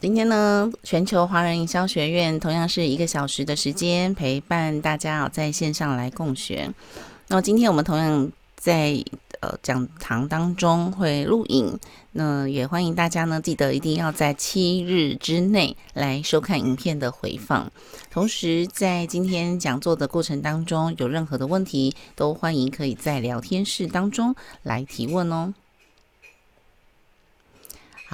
今天呢，全球華人營銷學院，同樣是一個小時的時間陪伴大家在線上來共學。那今天我們同樣在呃講堂當中會錄影，那也歡迎大家呢，記得一定要在七日之內來收看影片的回放。同時，在今天講座的過程當中，有任何的問題，都歡迎可以在聊天室當中來提問哦。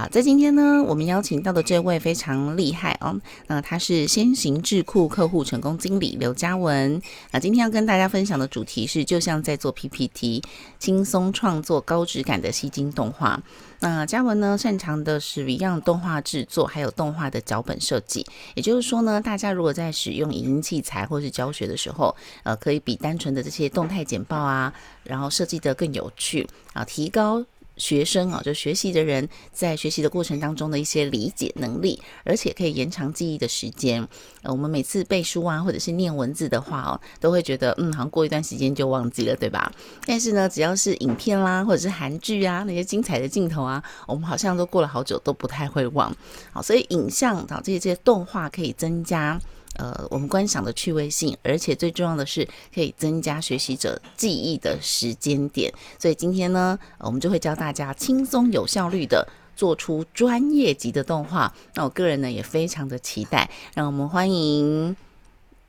好、啊，在今天呢，我們邀請到的這位非常厲害哦，那他是先行智庫客戶成功經理劉嘉文。那、啊、今天要跟大家分享的主題是，就像在做 PPT，輕鬆創作高質感的吸睛動畫。那嘉文呢，擅長的是一樣 o n 動畫制作，還有動畫的腳本設計。也就是說呢，大家如果在使用影音器材或是教學的時候，呃，可以比單純的這些動態簡報啊，然後設計的更有趣啊，提高。學生啊、哦，就學習的人在學習的過程當中的一些理解能力，而且可以延長記憶的時間。呃，我們每次背書啊，或者是念文字的話哦，都會覺得嗯，好像過一段時間就忘記了，對吧？但是呢，只要是影片啦，或者是韓劇啊那些精彩的鏡頭啊，我們好像都過了好久都不太會忘。好，所以影像啊這些動畫可以增加。呃，我們觀賞的趣味性，而且最重要的是可以增加學習者記憶的時間點。所以今天呢，我們就會教大家輕鬆有效率的做出專業級的動畫。那我個人呢，也非常的期待。讓我們歡迎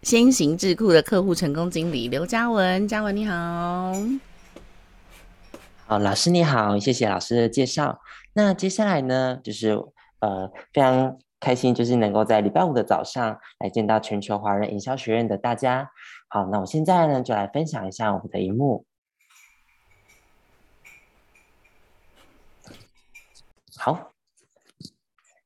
先行智庫的客戶成功經理劉嘉文。嘉文你好，好老師你好，謝謝老師的介紹。那接下來呢，就是呃非常。開心就是能夠在禮拜五的早上來見到全球華人營銷學院的大家。好，那我現在呢就來分享一下我們的螢幕。好，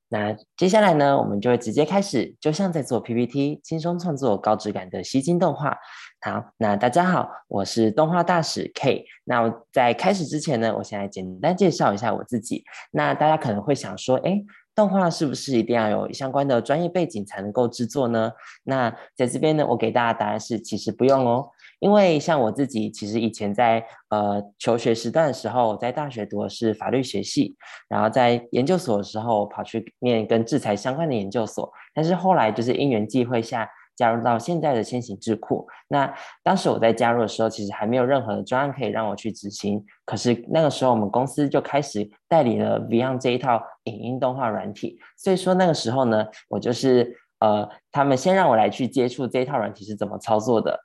那接下來呢，我們就會直接開始，就像在做 PPT，輕鬆創作高質感的吸睛動畫。好，那大家好，我是動畫大使 K。那我在開始之前呢，我先來簡單介紹一下我自己。那大家可能會想說，哎。動畫是不是一定要有相關的專業背景才能夠制作呢？那在這邊呢，我給大家答案是，其實不用哦。因為像我自己，其實以前在呃求學時段的時候，在大學讀的是法律學系，然後在研究所的時候跑去念跟制裁相關的研究所，但是後來就是因緣際會下。加入到現在的先行智庫，那當時我在加入的時候，其實還沒有任何的專案可以讓我去執行。可是那個時候，我們公司就開始代理了 Vyond 這一套影音動畫軟體，所以說那個時候呢，我就是呃，他們先讓我來去接觸這一套軟體是怎麼操作的。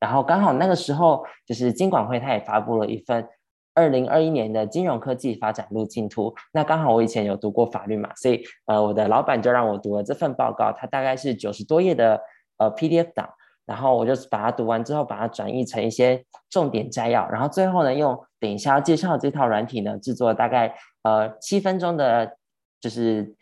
然後剛好那個時候，就是金管會他也發布了一份。二零二一年的金融科技發展路徑圖。那剛好我以前有讀過法律嘛，所以呃，我的老闆就讓我讀了這份報告，它大概是九十多頁的呃 PDF 檔，然後我就把它讀完之後，把它轉譯成一些重點摘要，然後最後呢，用等一下要介紹這套軟體呢，製作大概呃七分鐘的，就是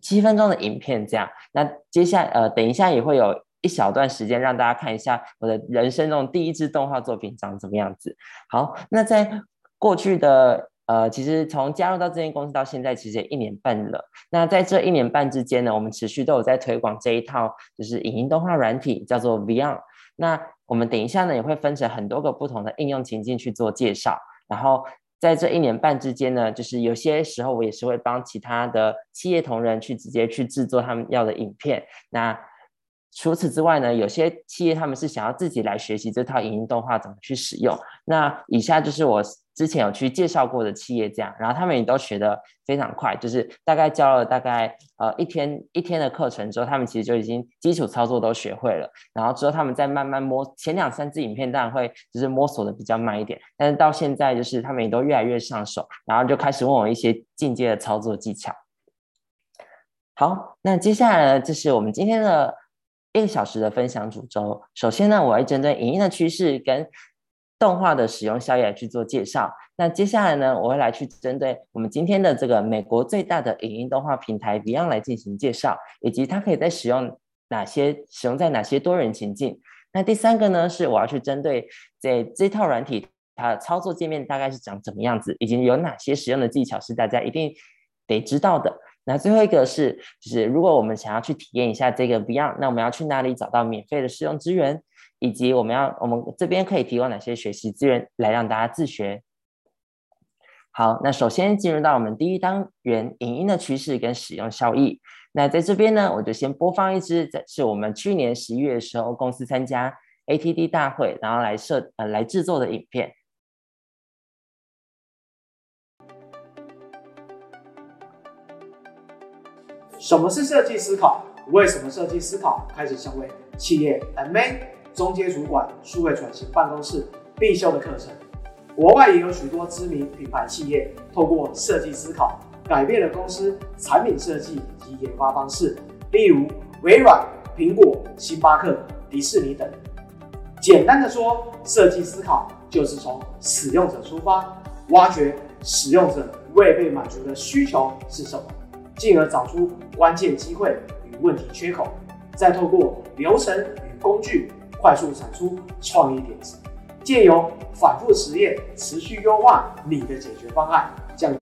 七分鐘的影片這樣。那接下來呃，等一下也會有。一小段時間，讓大家看一下我的人生中第一支動畫作品長怎麼樣子。好，那在過去的呃，其實從加入到這間公司到現在，其實也一年半了。那在這一年半之間呢，我們持續都有在推廣這一套就是影音動畫軟體，叫做 Vyond。那我們等一下呢，也會分成很多個不同的應用情境去做介紹。然後在這一年半之間呢，就是有些時候我也是會幫其他的企業同仁去直接去製作他們要的影片。那除此之外呢，有些企業他們是想要自己來學習這套影音動畫怎麼去使用。那以下就是我之前有去介紹過的企業，這樣，然後他們也都學得非常快，就是大概教了大概呃一天一天的課程之後，他們其實就已經基礎操作都學會了。然後之後他們再慢慢摸，前兩三支影片當然會就是摸索的比較慢一點，但是到現在就是他們也都越來越上手，然後就開始問我一些進階的操作技巧。好，那接下來呢，就是我們今天的一個小時的分享主軸，首先呢，我會針對影音的趨勢跟動畫的使用效益來去做介紹。那接下來呢，我會來去針對我們今天的這個美國最大的影音動畫平台 Vyond 來進行介紹，以及它可以在使用哪些、使用在哪些多人情境。那第三個呢，是我要去針對這這套軟體，它的操作界面大概是長怎麼樣子，以及有哪些使用的技巧是大家一定得知道的。那最後一個是，就是如果我們想要去體驗一下這個 Beyond，那我們要去哪裡找到免費的試用資源，以及我們要我們這邊可以提供哪些學習資源來讓大家自學？好，那首先進入到我們第一單元影音的趨勢跟使用效益。那在這邊呢，我就先播放一支，在是我們去年十一月的時候公司參加 ATD 大會，然後來設，呃來制作的影片。什麼是設計思考？為什麼設計思考開始成為企業、MA、中階主管、數位轉型辦公室必修的課程？國外也有許多知名品牌企業透過設計思考改變了公司產品設計及研發方式，例如微軟、蘋果、星巴克、迪士尼等。簡單的說，設計思考就是從使用者出發，挖掘使用者未被滿足的需求是什麼。進而找出關鍵機會與問題缺口，再透過流程與工具快速產出創意點子，借由反覆實驗持續優化你的解決方案。這樣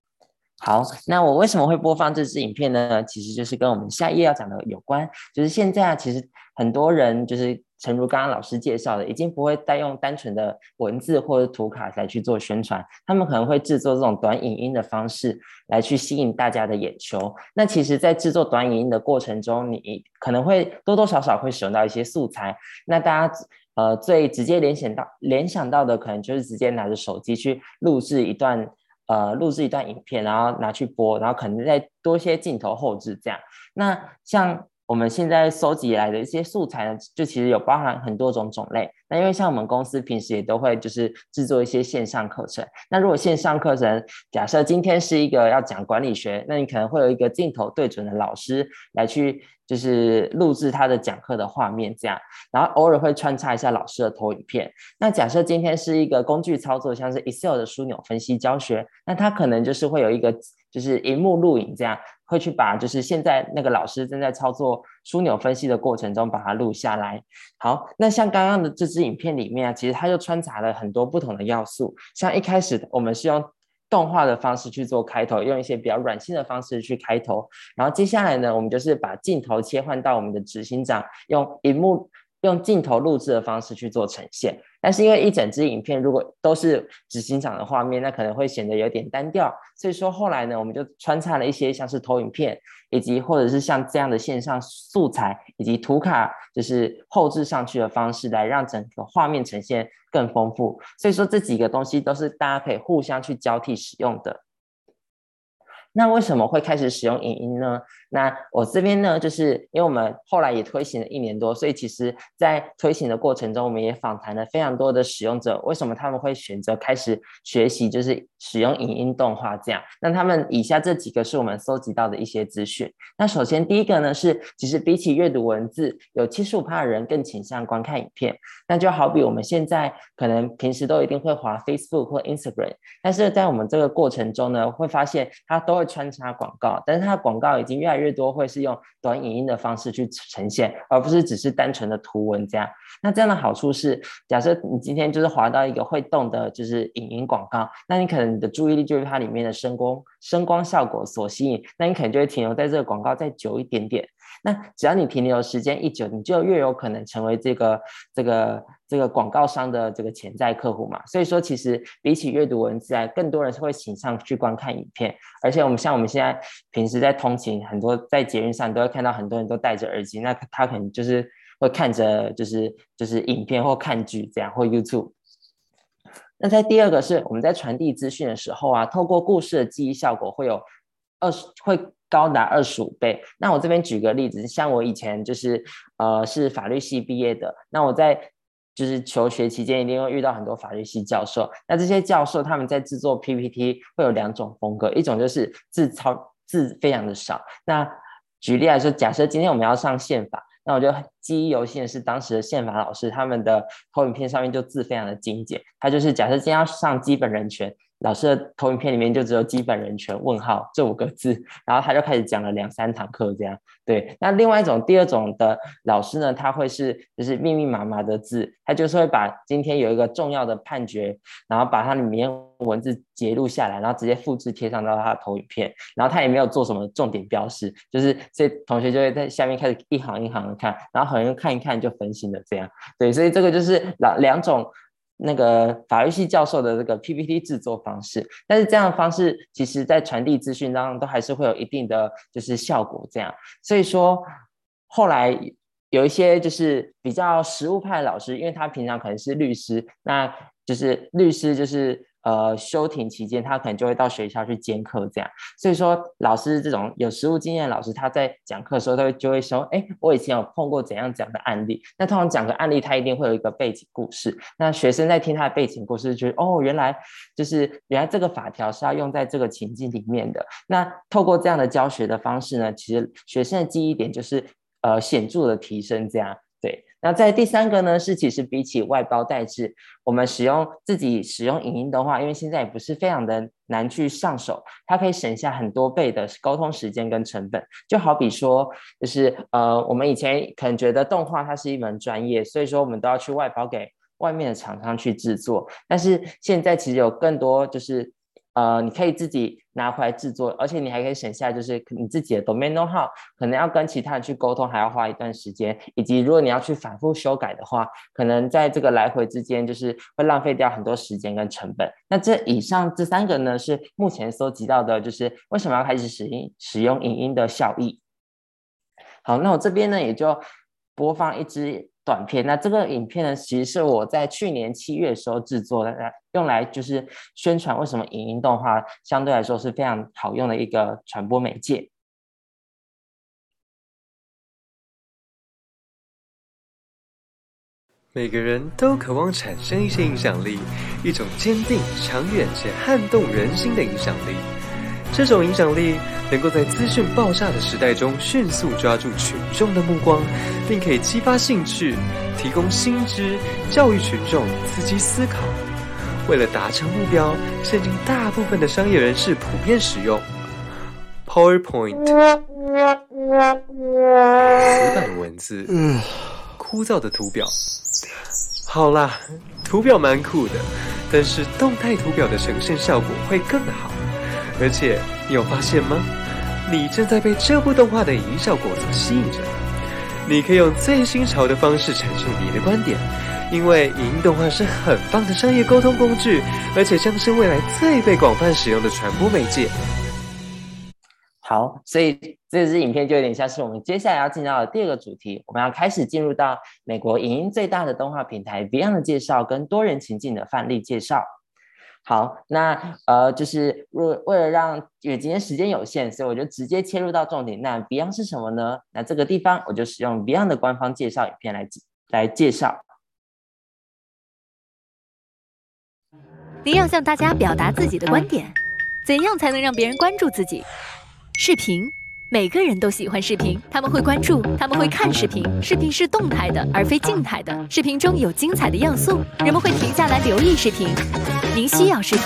好，那我為什麼會播放這支影片呢？其實就是跟我們下一頁要講的有關，就是現在其實很多人就是。誠如剛剛老師介紹的，已經不會再用單純的文字或者圖卡來去做宣傳，他們可能會制作這種短影音的方式來去吸引大家的眼球。那其實，在制作短影音的過程中，你可能會多多少少會使用到一些素材。那大家呃最直接聯想到聯想到的，可能就是直接拿着手機去錄制一段呃錄制一段影片，然後拿去播，然後可能再多些鏡頭後製這樣。那像。我們現在搜集來的一些素材呢，就其實有包含很多種種類。那因為像我們公司平時也都會就是制作一些線上課程。那如果線上課程，假設今天是一個要講管理學，那你可能會有一個鏡頭對準的老師來去就是錄制他的講課的畫面，這樣。然後偶爾會穿插一下老師的投影片。那假設今天是一個工具操作，像是 Excel 的樞紐分析教學，那他可能就是會有一個就是螢幕錄影這樣。會去把就是現在那個老師正在操作樞紐分析的過程中把它錄下來。好，那像剛剛的這支影片裡面啊，其實它就穿插了很多不同的要素。像一開始我們是用動畫的方式去做開頭，用一些比較軟性的方式去開頭。然後接下來呢，我們就是把鏡頭切換到我們的執行長，用螢幕用鏡頭錄制的方式去做呈現。但是因為一整支影片如果都是執行長的畫面，那可能會顯得有點單調。所以說後來呢，我們就穿插了一些像是投影片，以及或者是像這樣的線上素材，以及圖卡，就是後製上去的方式來讓整個畫面呈現更豐富。所以說這幾個東西都是大家可以互相去交替使用的。那為什麼會開始使用影音呢？那我這邊呢，就是因為我們後來也推行了一年多，所以其實，在推行的過程中，我們也訪談了非常多的使用者，為什麼他們會選擇開始學習，就是使用影音動畫這樣。那他們以下這幾個是我們搜集到的一些資訊。那首先第一個呢是，其實比起閱讀文字有75，有七十五趴，的人更傾向觀看影片。那就好比我們現在可能平時都一定會滑 Facebook 或 Instagram，但是在我們這個過程中呢，會發現它都會穿插廣告，但是它的廣告已經越來越越多會是用短影音的方式去呈現，而不是只是單純的圖文這樣。那這樣的好處是，假設你今天就是滑到一個會動的，就是影音廣告，那你可能你的注意力就是它裡面的聲光聲光效果所吸引，那你可能就會停留在這個廣告再久一點點。那只要你停留時間一久，你就越有可能成為這個這個。這個廣告商的這個潛在客戶嘛，所以說其實比起閱讀文字來更多人是會傾向去觀看影片。而且我們像我們現在平時在通勤，很多在捷運上都會看到很多人都戴着耳機，那他可能就是會看着就是就是影片或看劇這樣，或 YouTube。那在第二個是我們在傳遞資訊的時候啊，透過故事的記憶效果會有二十，會高達二十五倍。那我這邊舉個例子，像我以前就是呃是法律系畢業的，那我在。就是求學期間一定會遇到很多法律系教授，那這些教授他們在制作 PPT 會有兩種風格，一種就是字超字非常的少。那舉例來說，假設今天我們要上憲法，那我就記憶猶新的是當時的憲法老師他們的投影片上面就字非常的精簡，他就是假設今天要上基本人權。老師的投影片裡面就只有基本人權問號這五個字，然後他就開始講了兩三堂課這樣。對，那另外一種第二種的老師呢，他會是就是密密麻麻的字，他就是會把今天有一個重要的判決，然後把它裡面文字截錄下來，然後直接複製貼上到他的投影片，然後他也沒有做什麼重點標識，就是所以同學就會在下面開始一行一行的看，然後可能看一看就分心了這樣。對，所以這個就是老兩種，那個法律系教授的這個 PPT 制作方式，但是這樣的方式其實，在傳遞資訊當中，都還是會有一定的就是效果這樣。所以說，後來有一些就是比較實務派的老師，因為他平常可能是律師，那就是律師就是。呃，休庭期間，他可能就會到學校去兼課，這樣。所以說，老師這種有實務經驗的老師，他在講課的時候，他會就會說，哎，我以前有碰過怎樣講的案例。那通常講個案例，他一定會有一個背景故事。那學生在聽他的背景故事，就覺得哦，原來就是原來這個法條是要用在這個情境裡面的。那透過這樣的教學的方式呢，其實學生的記憶點就是呃顯著的提升，這樣。那在第三個呢，是其實比起外包代制，我們使用自己使用影音的話，因為現在也不是非常的難去上手，它可以省下很多倍的溝通時間跟成本。就好比說，就是呃，我們以前可能覺得動畫它是一門專業，所以說我們都要去外包給外面的廠商去制作，但是現在其實有更多就是。呃，你可以自己拿回來制作，而且你還可以省下，就是你自己的 domain know-how, 可能要跟其他人去溝通，還要花一段時間，以及如果你要去反覆修改的話，可能在這個來回之間，就是會浪費掉很多時間跟成本。那這以上這三個呢，是目前蒐集到的，就是為什麼要開始使用使用影音的效益。好，那我這邊呢，也就。播放一支短片，那這個影片呢，其實是我在去年七月的時候製作的，用來就是宣傳為什麼影音動畫相對來說是非常好用的一個傳播媒介。每個人都渴望產生一些影響力，一種堅定、長遠且撼動人心的影響力。這種影響力能夠在資訊爆炸的時代中迅速抓住群眾的目光，並可以激發興趣、提供新知、教育群眾、刺激思考。為了達成目標，現今大部分的商業人士普遍使用 PowerPoint，死板的文字，嗯、枯燥的圖表。好啦，圖表蠻酷的，但是動態圖表的呈現效果會更好。而且，你有發現嗎？你正在被這部動畫的影音效果所吸引着。你可以用最新潮的方式闡述你的觀點，因為影音動畫是很棒的商業溝通工具，而且將是未來最被廣泛使用的傳播媒介。好，所以這支影片就有點像是我們接下來要進到的第二個主題。我們要開始進入到美國影音最大的動畫平台 Vyond 的介紹，跟多人情境的範例介紹。好，那呃，就是為為了讓，因為今天時間有限，所以我就直接切入到重點。那 Beyond 是什麼呢？那這個地方我就使用 Beyond 的官方介紹影片來來介紹。你要向大家表達自己的觀點，嗯、怎樣才能讓別人關注自己？視頻。每個人都喜歡視頻，他們會關注，他們會看視頻。視頻是動態的，而非靜態的。視頻中有精彩的要素，人們會停下來留意視頻。您需要視頻，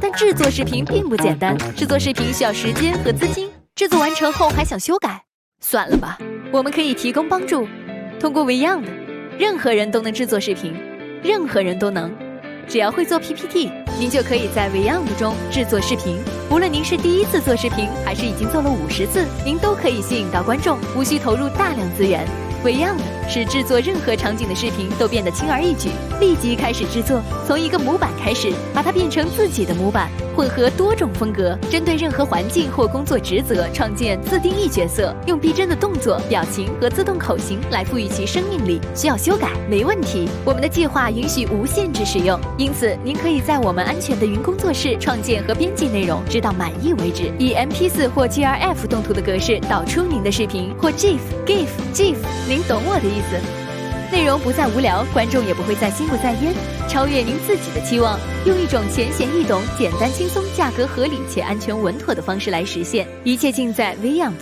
但製作視頻並不簡單。製作視頻需要時間和資金。製作完成後還想修改，算了吧。我們可以提供幫助，通過 Vyond，任何人都能製作視頻，任何人都能，只要會做 PPT。您就可以在 Vyond 中製作視頻，無論您是第一次做視頻，還是已經做了五十次，您都可以吸引到觀眾，無需投入大量資源。Vyond 使製作任何場景的視頻都變得輕而易舉，立即開始製作，從一個模板開始，把它變成自己的模板。混合多種風格，針對任何環境或工作職責，創建自定義角色，用逼真的動作、表情和自動口型來賦予其生命力。需要修改？沒問題，我們的計劃允許無限制使用，因此您可以在我們安全的雲工作室創建和編輯內容，直到滿意為止。以 MP4 或 GIF 動圖的格式導出您的視頻，或 GIF GIF GIF，您懂我的意思。內容不再無聊，觀眾也不會再心不在焉，超越您自己的期望，用一種淺顯易懂、簡單輕鬆、價格合理且安全穩妥的方式來實現，一切盡在 Vyond。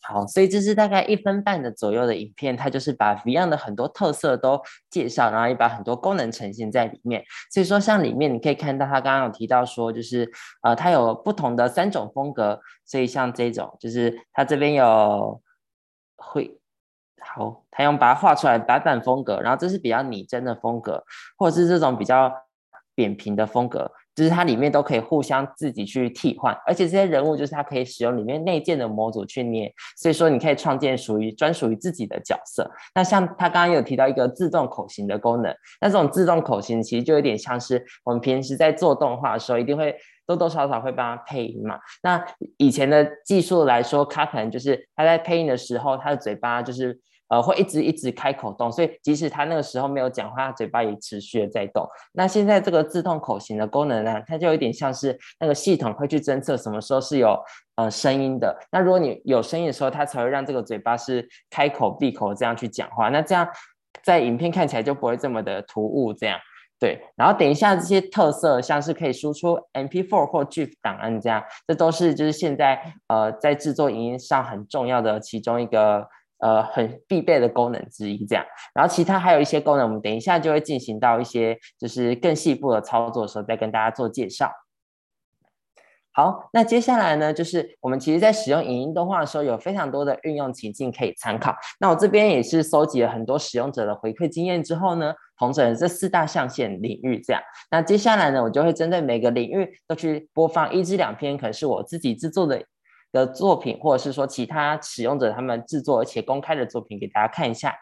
好，所以這是大概一分半的左右的影片，它就是把 Vyond 的很多特色都介紹，然後也把很多功能呈現在裡面。所以說，像裡面你可以看到，它剛剛有提到說，就是呃，它有不同的三種風格。所以像這種，就是它這邊有會。好，oh, 他用把它畫出來，白板風格，然後這是比較擬真的風格，或者是這種比較扁平的風格，就是它裡面都可以互相自己去替換，而且這些人物就是它可以使用裡面內建的模組去捏，所以說你可以創建屬於專屬於自己的角色。那像他剛剛有提到一個自動口型的功能，那這種自動口型其實就有點像是我們平時在做動畫的時候一定會多多少少會幫它配音嘛。那以前的技術來說，卡可就是他在配音的時候，他的嘴巴就是。呃，會一直一直開口動，所以即使他那個時候沒有講話，嘴巴也持續的在動。那現在這個自動口型的功能呢，它就有點像是那個系統會去偵測什麼時候是有呃聲音的。那如果你有聲音的時候，它才會讓這個嘴巴是開口閉口這樣去講話。那這樣在影片看起來就不會這麼的突兀。這樣對。然後等一下這些特色，像是可以輸出 MP4 或 GIF 檔案這樣，這都是就是現在呃在制作影音上很重要的其中一個。呃，很必備的功能之一，這樣。然後其他還有一些功能，我們等一下就會進行到一些就是更細部的操作的時候，再跟大家做介紹。好，那接下來呢，就是我們其實在使用影音動畫的時候，有非常多的運用情境可以參考。那我這邊也是蒐集了很多使用者的回饋經驗之後呢，統整這四大象限領域這樣。那接下來呢，我就會針對每個領域都去播放一至兩篇，可能是我自己制作的。的作品，或者是說其他使用者他們制作而且公開的作品，給大家看一下。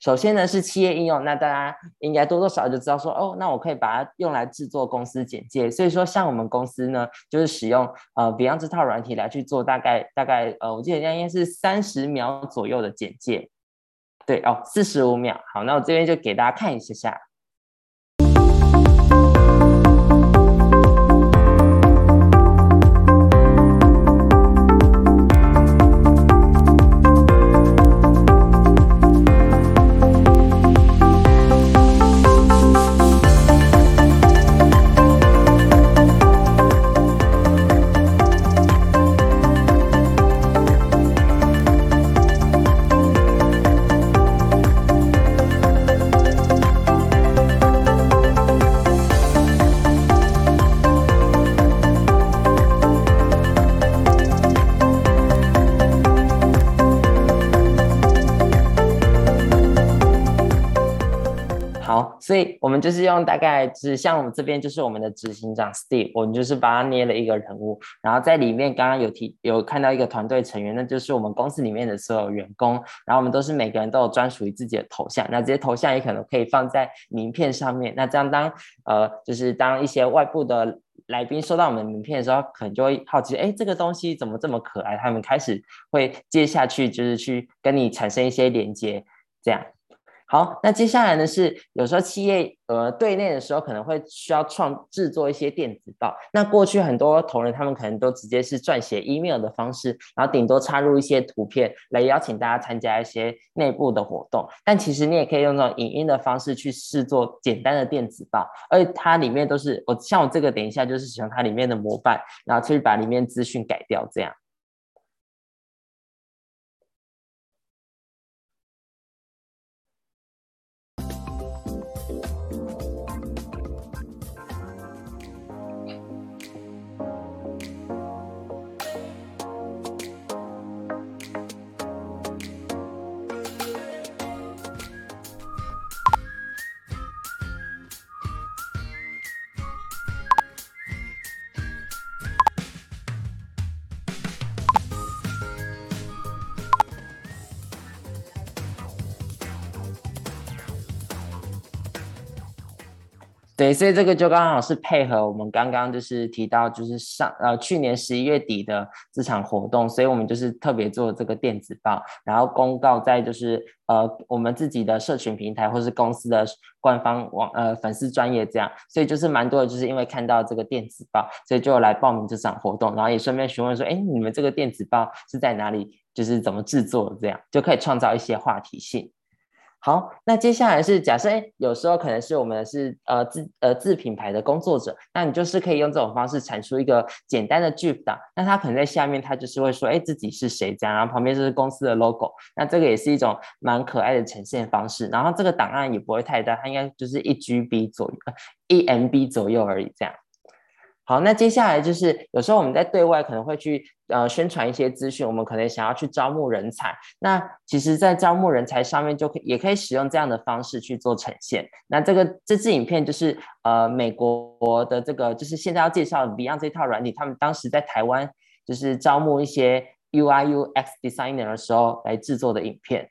首先呢是企業應用，那大家應該多多少少就知道說，哦，那我可以把它用來制作公司簡介。所以說像我們公司呢，就是使用呃 Beyond 這套軟體來去做，大概大概呃，我記得人家應該是三十秒左右的簡介。對哦，四十五秒。好，那我這邊就給大家看一下下。好，所以我們就是用大概，就是像我們這邊就是我們的執行長 Steve，我們就是把他捏了一個人物，然後在裡面剛剛有提有看到一個團隊成員，那就是我們公司裡面的所有員工，然後我們都是每個人都有專屬於自己的頭像，那這些頭像也可能可以放在名片上面，那這樣當呃就是當一些外部的來賓收到我們名片的時候，可能就會好奇，哎，這個東西怎麼這麼可愛？他們開始會接下去就是去跟你產生一些連接，這樣。好，那接下來呢，是有時候企業呃對內的時候可能會需要創製作一些電子報。那過去很多同仁他們可能都直接是撰寫 email 的方式，然後頂多插入一些圖片來邀請大家參加一些內部的活動。但其實你也可以用這種影音的方式去制作簡單的電子報，而且它裡面都是我像我這個，等一下就是使用它裡面的模板，然後去把裡面資訊改掉這樣。對，所以這個就剛好是配合我們剛剛就是提到，就是上呃去年十一月底的這場活動，所以我們就是特別做這個電子報，然後公告在就是呃我們自己的社群平台或是公司的官方網呃粉絲專頁這樣，所以就是蠻多的就是因為看到這個電子報，所以就來報名這場活動，然後也順便詢問說，哎，你們這個電子報是在哪裡，就是怎麼製作這樣，就可以創造一些話題性。好，那接下來是假設，哎、欸，有時候可能是我們是呃自呃自品牌的工作者，那你就是可以用這種方式產出一個簡單的 GIF 檔，那他可能在下面他就是會說，哎、欸，自己是誰這樣，然後旁邊就是公司的 logo，那這個也是一種蠻可愛的呈現方式，然後這個檔案也不會太大，它應該就是一 GB 左右，一、呃、MB 左右而已這樣。好，那接下來就是有時候我們在對外可能會去呃宣傳一些資訊，我們可能想要去招募人才。那其實，在招募人才上面，就可以也可以使用這樣的方式去做呈現。那這個這支影片就是呃美國的這個，就是現在要介紹 Beyond 這套軟體，他們當時在台灣就是招募一些 UI UX designer 的時候來制作的影片。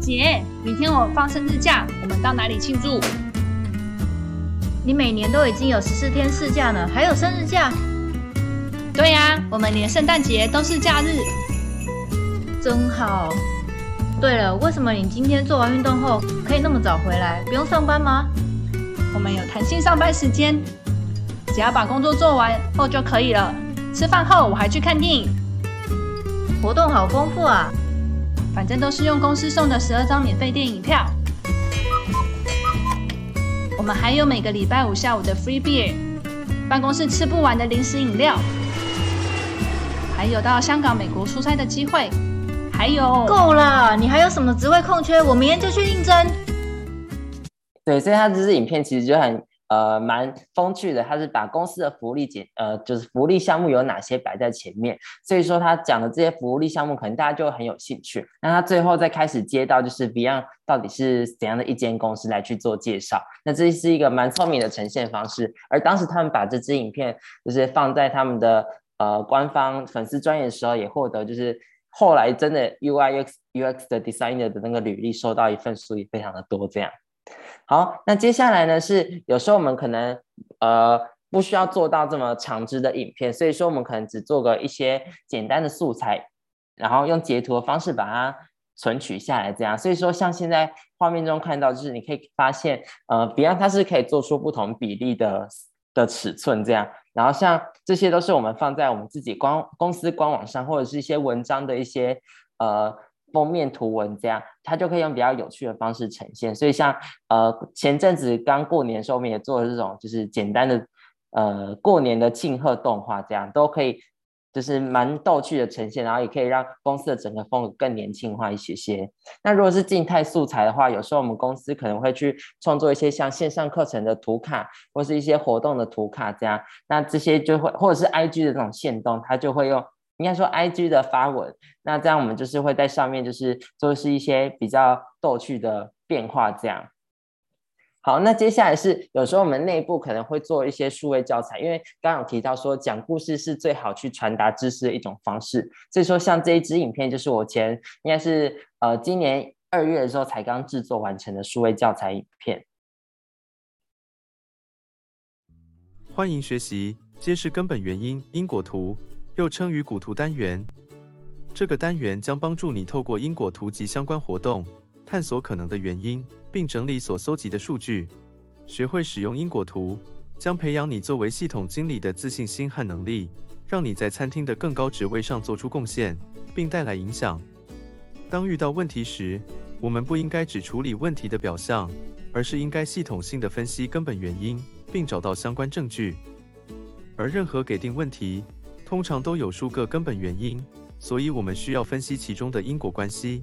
姐，明天我放生日假，我們到哪裡慶祝？你每年都已經有十四天事假了，還有生日假。對呀、啊，我們連聖誕節都是假日，真好。對了，為什麼你今天做完運動後可以那麼早回來，不用上班嗎？我們有彈性上班時間，只要把工作做完後就可以了。吃飯後我還去看電影，活動好豐富啊！反正都是用公司送的十二張免費電影票。我們還有每個禮拜五下午的 free beer，辦公室吃不完的零食飲料，還有到香港、美國出差的機會，還有……夠了，你還有什麼職位空缺？我明天就去應徵。對，所以它這支影片其實就很。呃，蠻風趣的，他是把公司的福利簡，呃，就是福利項目有哪些擺在前面，所以說他講的這些福利項目，可能大家就很有興趣。那他最後再開始接到，就是 Beyond 到底是怎樣的一間公司來去做介紹，那這是一個蠻聰明的呈現方式。而當時他們把這支影片就是放在他們的呃官方粉絲專頁的時候，也獲得就是後來真的 UI UX UX 的 designer 的那個履歷收到一份數也非常的多這樣。好，那接下來呢是有時候我們可能呃不需要做到這麼長支的影片，所以說我們可能只做個一些簡單的素材，然後用截圖的方式把它存取下來，這樣。所以說像現在畫面中看到，就是你可以發現呃，比方它是可以做出不同比例的的尺寸這樣，然後像這些都是我們放在我們自己官公，公司官網上或者是一些文章的一些呃，封面圖文這樣，它就可以用比較有趣的方式呈現。所以像呃前陣子剛過年的時候，我們也做了這種，就是簡單的呃過年的慶賀動畫，這樣都可以，就是蠻逗趣的呈現。然後也可以讓公司的整個風格更年輕化一些些。那如果是靜態素材的話，有時候我們公司可能會去創作一些像線上課程的圖卡，或是一些活動的圖卡這樣。那這些就會或者是 IG 的這種限動，它就會用。應該說，IG 的發文，那這樣我們就是會在上面，就是做的是一些比較逗趣的變化。這樣，好，那接下來是有時候我們內部可能會做一些數位教材，因為剛剛我提到說講故事是最好去傳達知識的一種方式，所以說像這一支影片就是我前應該是呃今年二月的時候才剛製作完成的數位教材影片，歡迎學習，揭示根本原因因果圖。又稱魚骨圖單元，這個單元將幫助你透過因果圖及相關活動，探索可能的原因，並整理所蒐集的數據。學會使用因果圖，將培養你作為系統經理的自信心和能力，讓你在餐廳的更高職位上做出貢獻，並帶來影響。當遇到問題時，我們不應該只處理問題的表象，而是應該系統性地分析根本原因，並找到相關證據。而任何給定問題。通常都有數個根本原因，所以我們需要分析其中的因果關係。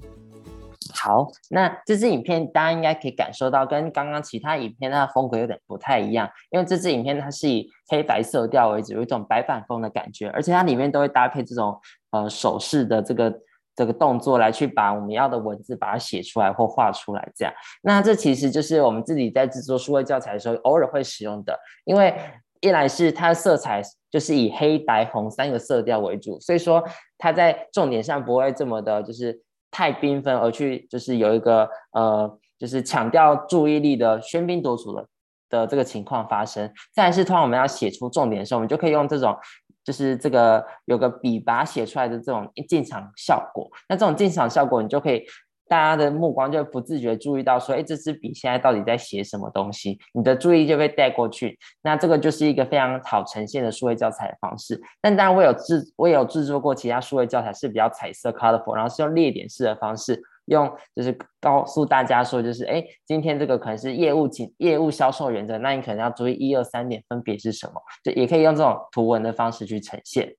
好，那這支影片大家應該可以感受到，跟剛剛其他影片它的風格有點不太一樣，因為這支影片它是以黑白色調為主，有一種白板風的感覺，而且它裡面都會搭配這種呃手勢的這個這個動作來去把我們要的文字把它寫出來或畫出來。這樣，那這其實就是我們自己在製作數位教材的時候偶爾會使用的，因為。一來是它的色彩就是以黑白紅三個色調為主，所以說它在重點上不會這麼的，就是太繽紛而去，就是有一個呃，就是強調注意力的喧賓奪主的的這個情況發生。再來是，通常我們要寫出重點的時候，我們就可以用這種，就是這個有個筆把寫出來的這種一進場效果。那這種進場效果，你就可以。大家的目光就不自覺注意到說：“哎，這支筆現在到底在寫什麼東西？”你的注意就被帶過去。那這個就是一個非常好呈現的數位教材的方式。但當然，我有制，我有製作過其他數位教材是比較彩色 （colorful），然後是用列點式的方式，用就是告訴大家說，就是“哎，今天這個可能是業務經業務銷售原則”，那你可能要注意一二三點分別是什麼。就也可以用這種圖文的方式去呈現。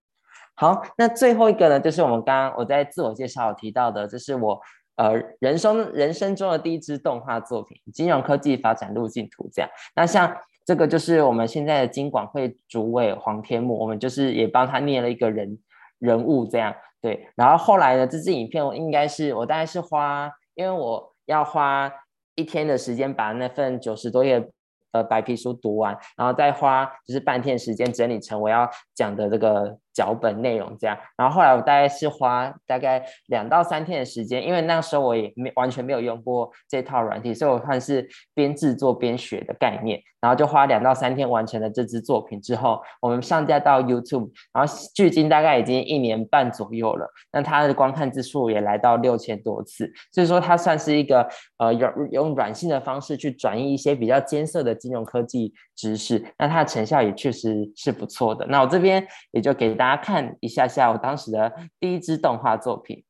好，那最後一個呢，就是我們剛剛我在自我介紹有提到的，這是我。呃，人生人生中的第一支動畫作品《金融科技發展路徑圖》這樣。那像這個就是我們現在的金管會主委黃天牧，我們就是也幫他念了一個人人物這樣。對，然後後來呢，這支影片我應該是我大概是花，因為我要花一天的時間把那份九十多頁的白皮書讀完，然後再花就是半天的時間整理成我要講的這個。腳本內容這樣，然後後來我大概是花大概兩到三天的時間，因為那時候我也沒完全沒有用過這套軟體，所以我算是邊製作邊學的概念，然後就花兩到三天完成了這支作品之後，我們上架到 YouTube，然後距今大概已經一年半左右了，那它的觀看次數也來到六千多次，所以說它算是一個呃用用軟性的方式去轉移一些比較艱澀的金融科技知識，那它的成效也確實是不錯的，那我這邊也就給大家。大家看一下下我當時的第一支動畫作品。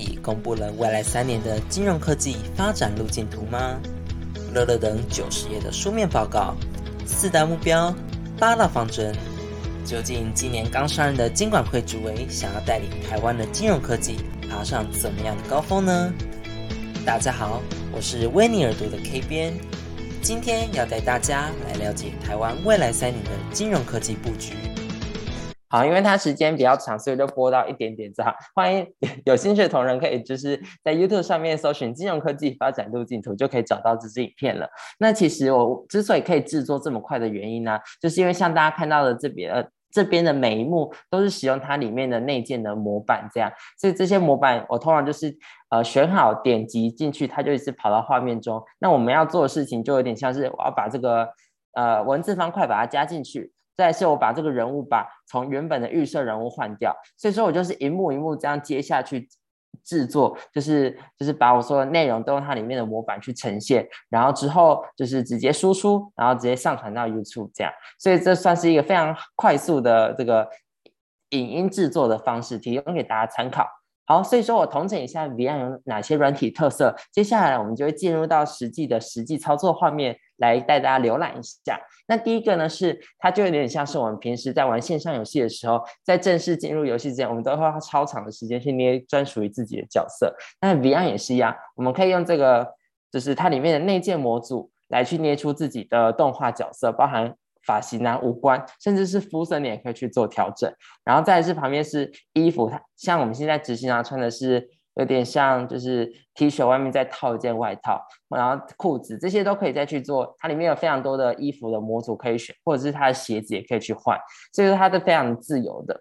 已公布了未來三年的金融科技發展路徑圖嗎？樂樂等九十頁的書面報告，四大目標，八大方針。究竟今年剛上任的金管會主委想要帶領台灣的金融科技爬上怎麼樣的高峰呢？大家好，我是威尼爾讀的 K 編，今天要帶大家來了解台灣未來三年的金融科技布局。好，因為它時間比較長，所以就播到一點點這樣，歡迎有興趣的同仁，可以就是在 YouTube 上面搜尋“金融科技發展路徑圖”，就可以找到這支影片了。那其實我之所以可以制作這麼快的原因呢、啊，就是因為像大家看到的這邊呃這邊的每一幕都是使用它裡面的內建的模板這樣，所以這些模板我通常就是呃選好點擊進去，它就一直跑到畫面中。那我們要做的事情就有點像是我要把這個呃文字方塊把它加進去。再是我把這個人物把從原本的預設人物換掉，所以說我就是一幕一幕這樣接下去製作，就是就是把我說的內容都用它裡面的模板去呈現，然後之後就是直接輸出，然後直接上傳到 YouTube 這樣，所以這算是一個非常快速的這個影音製作的方式，提供給大家參考。好，所以說我統整一下 Vyond 有哪些軟體特色，接下來我們就會進入到實際的實際操作畫面。來帶大家瀏覽一下。那第一個呢，是它就有點像是我們平時在玩線上遊戲的時候，在正式進入遊戲之前，我們都會花超長的時間去捏專屬於自己的角色。那 Vian 也是一樣，我們可以用這個，就是它裡面的內建模組來去捏出自己的動畫角色，包含髮型啊、五官，甚至是膚色，你也可以去做調整。然後再來是旁邊是衣服，它像我們現在執行啊，穿的是。有點像，就是 T 恤外面再套一件外套，然後褲子這些都可以再去做。它裡面有非常多的衣服的模組可以選，或者是它的鞋子也可以去換，所以說它是非常自由的。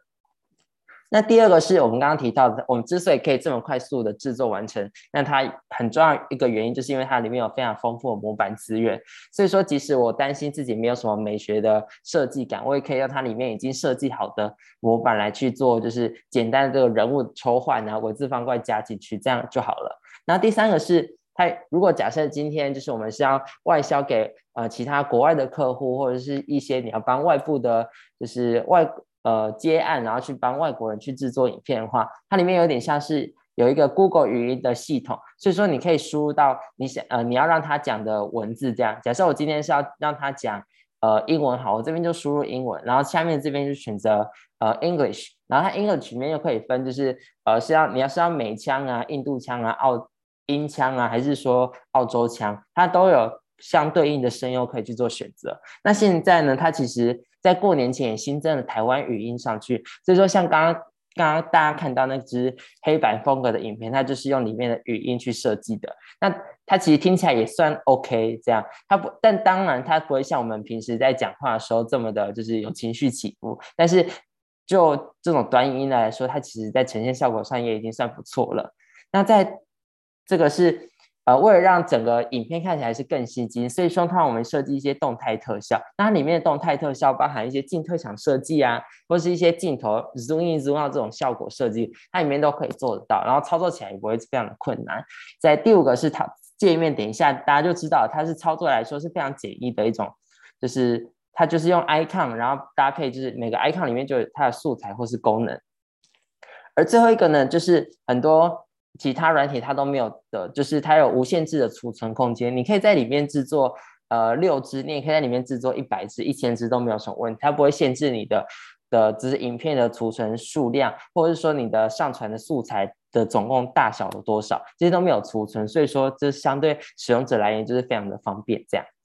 那第二個是我們剛剛提到的，我們之所以可以這麼快速的制作完成，那它很重要一個原因，就是因為它裡面有非常豐富的模板資源。所以說，即使我擔心自己沒有什麼美學的設計感，我也可以用它裡面已經設計好的模板來去做，就是簡單的這個人物抽換，然後文字方塊加進去，這樣就好了。那第三個是它，如果假設今天就是我們是要外銷給呃其他國外的客戶，或者是一些你要幫外部的，就是外。呃，接案然後去幫外國人去制作影片的話，它裡面有點像是有一個 Google 語音的系統，所以說你可以輸入到你想呃你要讓他講的文字這樣。假設我今天是要讓他講呃英文好，我這邊就輸入英文，然後下面這邊就選擇呃 English，然後它 English 裡面又可以分，就是呃是要你要是要美腔啊、印度腔啊、澳英腔啊，還是說澳洲腔，它都有相對應的聲優可以去做選擇。那現在呢，它其實。在過年前也新增了台灣語音上去，所以說像剛剛剛剛大家看到那隻黑白風格的影片，它就是用裡面的語音去設計的。那它其實聽起來也算 OK 這樣，它不，但當然它不會像我們平時在講話的時候這麼的，就是有情緒起伏。但是就這種短語音來說，它其實在呈現效果上也已經算不錯了。那在這個是。呃，為了讓整個影片看起來是更吸睛，所以說它讓我們設計一些動態特效。那它裡面的動態特效包含一些進退場設計啊，或是一些鏡頭 zoom in zoom out 這種效果設計，它裡面都可以做得到。然後操作起來也不會非常的困難。在第五個是它界面，等一下大家就知道它是操作來說是非常簡易的一種，就是它就是用 icon，然後搭配就是每個 icon 裡面就有它的素材或是功能。而最後一個呢，就是很多。其他軟體它都沒有的，就是它有無限制的儲存空間，你可以在裡面制作呃六只，你也可以在裡面制作一百只、一千只都沒有什麼問題，它不會限制你的的只是影片的儲存數量，或者是說你的上傳的素材的總共大小的多少，這些都沒有儲存，所以說就相對使用者來言就是非常的方便這樣。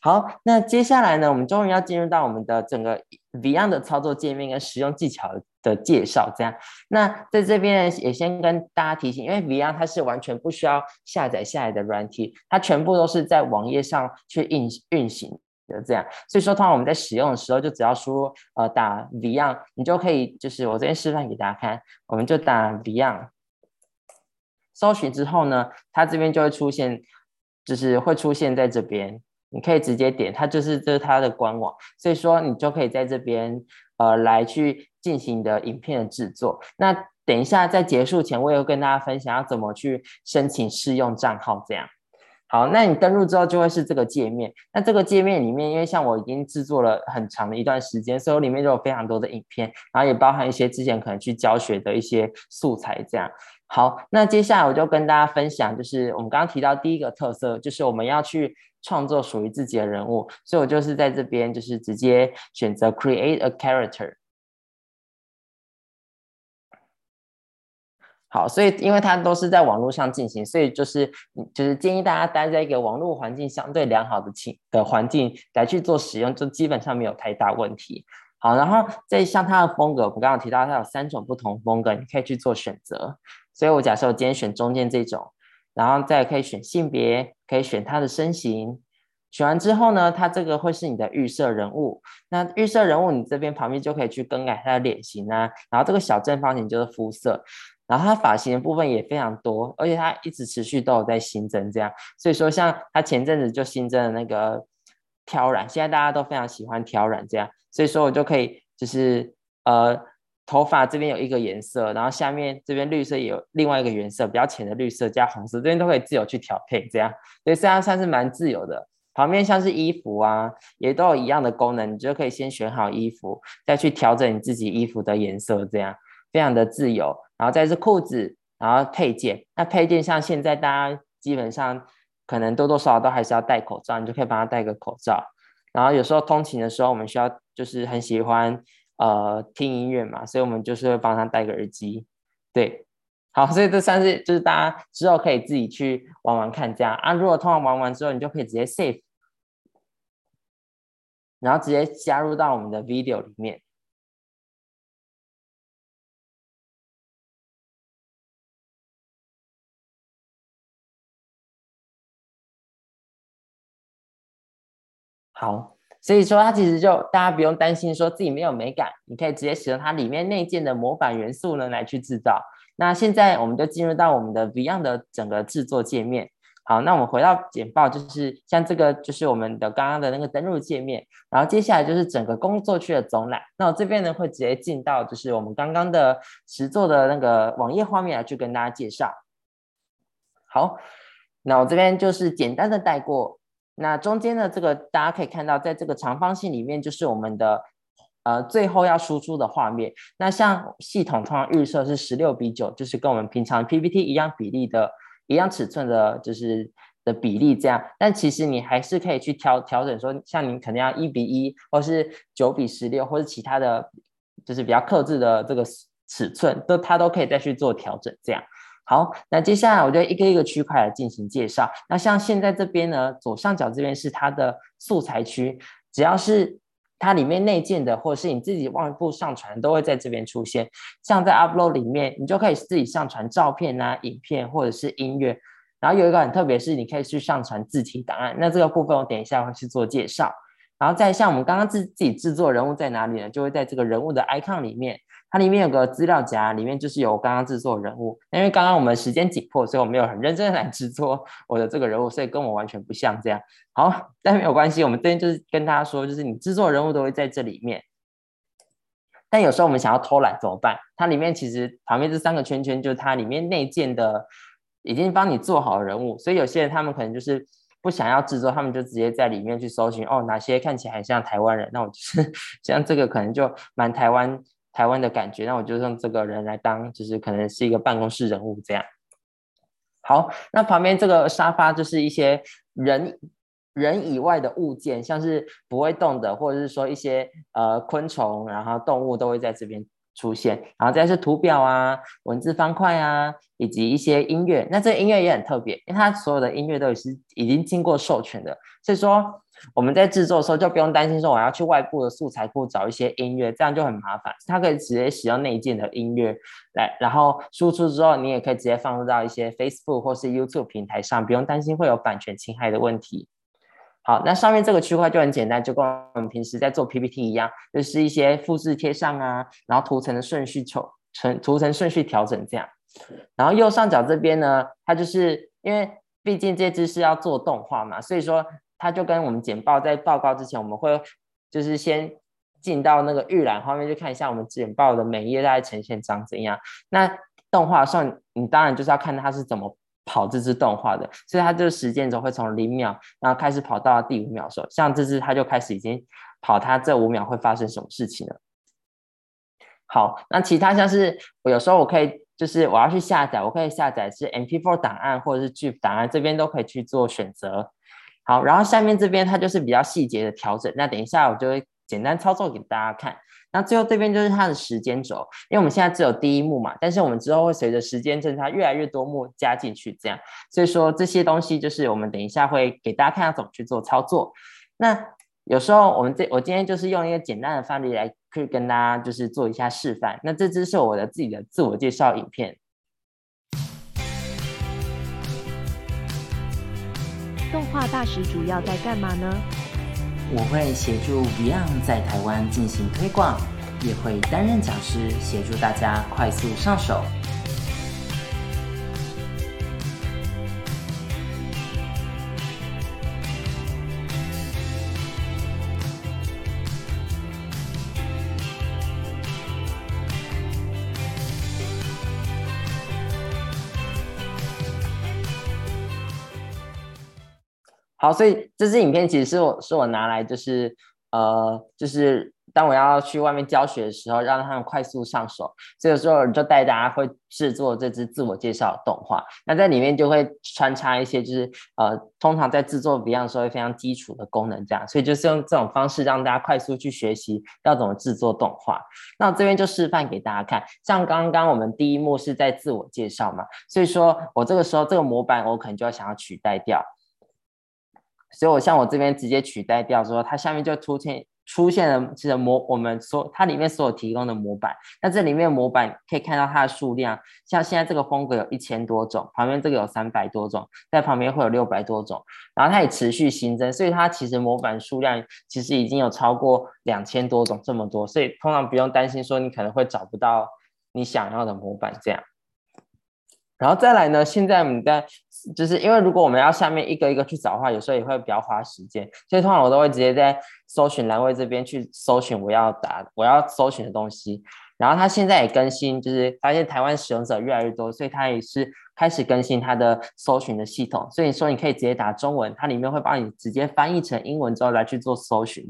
好，那接下來呢，我們終於要進入到我們的整個 Vyond 的操作界面跟使用技巧的介紹這樣。那在這邊也先跟大家提醒，因為 Vyond 它是完全不需要下載下來的軟體，它全部都是在網頁上去運運行的這樣。所以說，通常我們在使用的時候，就只要輸入呃打 Vyond 你就可以，就是我這邊示範給大家看，我們就打 Vyond 搜尋之後呢，它這邊就會出現，就是會出現在這邊。你可以直接點，它就是這是它的官網，所以說你就可以在這邊呃來去進行你的影片的制作。那等一下在結束前，我也會跟大家分享要怎麼去申請試用賬號。這樣好，那你登錄之後就會是這個界面。那這個界面裡面，因為像我已經制作了很長的一段時間，所以我裡面就有非常多的影片，然後也包含一些之前可能去教學的一些素材。這樣好，那接下來我就跟大家分享，就是我們剛剛提到第一個特色，就是我們要去。創作屬於自己的人物，所以我就是在這邊，就是直接選擇 create a character。好，所以因為它都是在網絡上進行，所以就是就是建議大家待在一個網絡環境相對良好的情的環境來去做使用，就基本上沒有太大問題。好，然後再像它的風格，我剛剛有提到它有三種不同風格，你可以去做選擇。所以我假設我今天選中間這種。然後再可以選性別，可以選他的身形，選完之後呢，他這個會是你的預設人物。那預設人物你這邊旁邊就可以去更改他的臉型啊。然後這個小正方形就是膚色，然後他髮型的部分也非常多，而且他一直持續都有在新增這樣。所以說像他前陣子就新增了那個挑染，現在大家都非常喜歡挑染這樣。所以說，我就可以就是呃，頭髮這邊有一個顏色，然後下面這邊綠色也有另外一個顏色，比較淺的綠色加紅色，這邊都可以自由去調配，這樣，所以這樣算是蠻自由的。旁邊像是衣服啊，也都有一樣的功能，你就可以先選好衣服，再去調整你自己衣服的顏色，這樣非常的自由。然後再是褲子，然後配件，那配件像現在大家基本上可能多多少少都還是要戴口罩，你就可以幫他戴個口罩。然後有時候通勤的時候，我們需要就是很喜歡。呃，聽音樂嘛，所以我們就是會幫他戴個耳機，對，好，所以這算是就是大家之後可以自己去玩玩看，這樣啊。如果通常玩完之後，你就可以直接 save，然後直接加入到我們的 video 裡面，好。所以說，它其實就大家不用擔心，說自己沒有美感，你可以直接使用它裡面內建的模板元素呢，來去製造。那現在我們就進入到我們的 Vyond 的整個製作界面。好，那我們回到簡報，就是像這個，就是我們的剛剛的那個登入界面。然後接下來就是整個工作區的總覽。那我這邊呢，會直接進到就是我們剛剛的實作的那個網頁畫面來，去跟大家介紹。好，那我這邊就是簡單的帶過。那中間的這個，大家可以看到，在這個長方形裡面就是我們的，呃，最後要輸出的畫面。那像系統通常預設是十六比九，就是跟我們平常 PPT 一樣比例的一樣尺寸的，就是的比例這樣。但其實你還是可以去調調整，說像你可能要一比一，或是九比十六，或是其他的，就是比較客製的這個尺寸，都它都可以再去做調整這樣。好，那接下來我就一個一個區塊來進行介紹。那像現在這邊呢，左上角這邊是它的素材區，只要是它裡面內建的，或者是你自己外部上傳，都會在這邊出現。像在 Upload 裡面，你就可以自己上傳照片啊、影片或者是音樂。然後有一個很特別，是你可以去上傳字體檔案。那這個部分我等一下會去做介紹。然後再像我們剛剛自自己製作人物在哪裡呢？就會在這個人物的 Icon 裡面。它裡面有個資料夾，裡面就是有我剛剛製作人物。因為剛剛我們時間緊迫，所以我沒有很認真來製作我的這個人物，所以跟我完全不像這樣。好，但沒有關係，我們這邊就是跟大家說，就是你製作人物都會在這裡面。但有時候我們想要偷懶怎麼辦？它裡面其實旁邊這三個圈圈，就是它裡面內建的已經幫你做好人物。所以有些人他們可能就是不想要製作，他們就直接在裡面去搜尋哦，哪些看起來很像台灣人？那我就是像這個，可能就蠻台灣。台灣的感覺，那我就讓這個人來當，就是可能是一個辦公室人物這樣。好，那旁邊這個沙發就是一些人人以外的物件，像是不會動的，或者是說一些呃昆蟲，然後動物都會在這邊出現。然後再是圖表啊、文字方塊啊，以及一些音樂。那這個音樂也很特別，因為它所有的音樂都是已經經過授權的，所以說。我們在製作的時候就不用擔心說我要去外部的素材庫找一些音樂，這樣就很麻煩。它可以直接使用內建的音樂來，然後輸出之後，你也可以直接放入到一些 Facebook 或是 YouTube 平台上，不用擔心會有版權侵害的問題。好，那上面這個區塊就很簡單，就跟我們平時在做 PPT 一樣，就是一些複製貼上啊，然後圖層的順序調、圖層順序調整這樣。然後右上角這邊呢，它就是因為畢竟這支是要做動畫嘛，所以說。他就跟我們簡報在報告之前，我們會就是先進到那個預覽畫面，去看一下我們簡報的每頁大概呈現長怎樣。那動畫上，你當然就是要看它是怎麼跑這支動畫的，所以它這個時間軸會從零秒，然後開始跑到第五秒的時候，像這支它就開始已經跑，它這五秒會發生什麼事情了。好，那其他像是我有時候我可以就是我要去下載，我可以下載是 MP4 檔案或者是 GIF 檔案，這邊都可以去做選擇。好，然後下面這邊它就是比較細節的調整，那等一下我就會簡單操作給大家看。那最後這邊就是它的時間軸，因為我們現在只有第一幕嘛，但是我們之後會隨着時間增加越來越多幕加進去，這樣，所以說這些東西就是我們等一下會給大家看要怎麼去做操作。那有時候我們這我今天就是用一個簡單的範例來可以跟大家就是做一下示範。那這只是我的自己的自我介紹影片。動畫大使主要在幹嘛呢？我會協助 Beyond 在台灣進行推廣，也會擔任講師，協助大家快速上手。好，所以這支影片其實是我是我拿來就是呃，就是當我要去外面教學的時候，讓他們快速上手。這個時候就帶大家會製作這支自我介紹的動畫。那在裡面就會穿插一些就是呃，通常在製作比較的時候會非常基礎的功能，這樣。所以就是用這種方式讓大家快速去學習要怎麼製作動畫。那我這邊就示範給大家看，像剛剛我們第一幕是在自我介紹嘛，所以說我這個時候這個模板我可能就要想要取代掉。所以我像我這邊直接取代掉之後，它下面就出現出現了，其實模我們所，它裡面所有提供的模板，那這裡面模板可以看到它的數量，像現在這個風格有一千多種，旁邊這個有三百多種，在旁邊會有六百多種，然後它也持續新增，所以它其實模板數量其實已經有超過兩千多種這麼多，所以通常不用擔心說你可能會找不到你想要的模板這樣。然後再來呢，現在我們在。就是因為如果我們要下面一個一個去找的話，有時候也會比較花時間，所以通常我都會直接在搜尋欄位這邊去搜尋我要打我要搜尋的東西。然後它現在也更新，就是發現台灣使用者越來越多，所以它也是開始更新它的搜尋的系統。所以說你可以直接打中文，它裡面會幫你直接翻譯成英文之後來去做搜尋。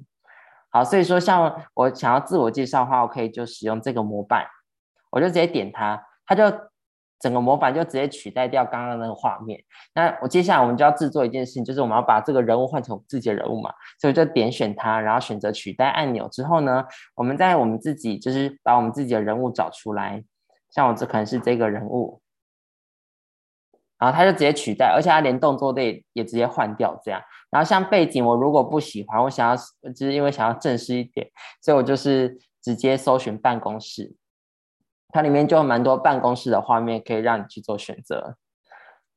好，所以說像我想要自我介紹的話，我可以就使用這個模板，我就直接點它，它就。整個模板，就直接取代掉剛剛那個畫面。那我接下來我們就要制作一件事情，就是我們要把這個人物換成自己的人物嘛，所以就點選它，然後選擇取代按鈕之後呢，我們再我們自己就是把我們自己的人物找出來，像我這可能是這個人物，然後它就直接取代，而且它連動作都也，也直接換掉這樣。然後像背景，我如果不喜歡，我想要，就是因為想要正式一點，所以我就是直接搜尋辦公室。它裡面就蠻多辦公室的畫面，可以讓你去做選擇。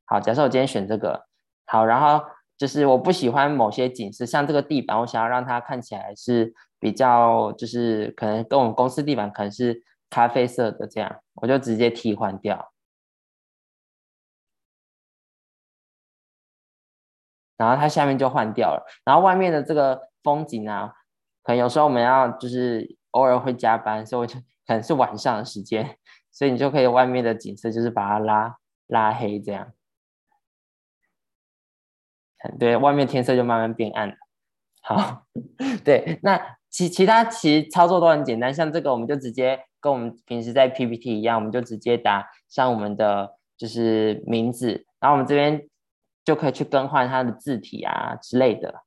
好，假設我今天選這個，好，然後就是我不喜歡某些景色，像這個地板，我想要讓它看起來是比較，就是可能跟我們公司地板可能是咖啡色的這樣，我就直接替換掉。然後它下面就換掉了。然後外面的這個風景啊，可能有時候我們要就是偶爾會加班，所以我就。可能是晚上的時間，所以你就可以外面的景色就是把它拉拉黑這樣，對，外面天色就慢慢變暗了。好，對，那其其他其操作都很簡單，像這個我們就直接跟我們平時在 PPT 一樣，我們就直接打像我們的就是名字，然後我們這邊就可以去更換它的字體啊之類的，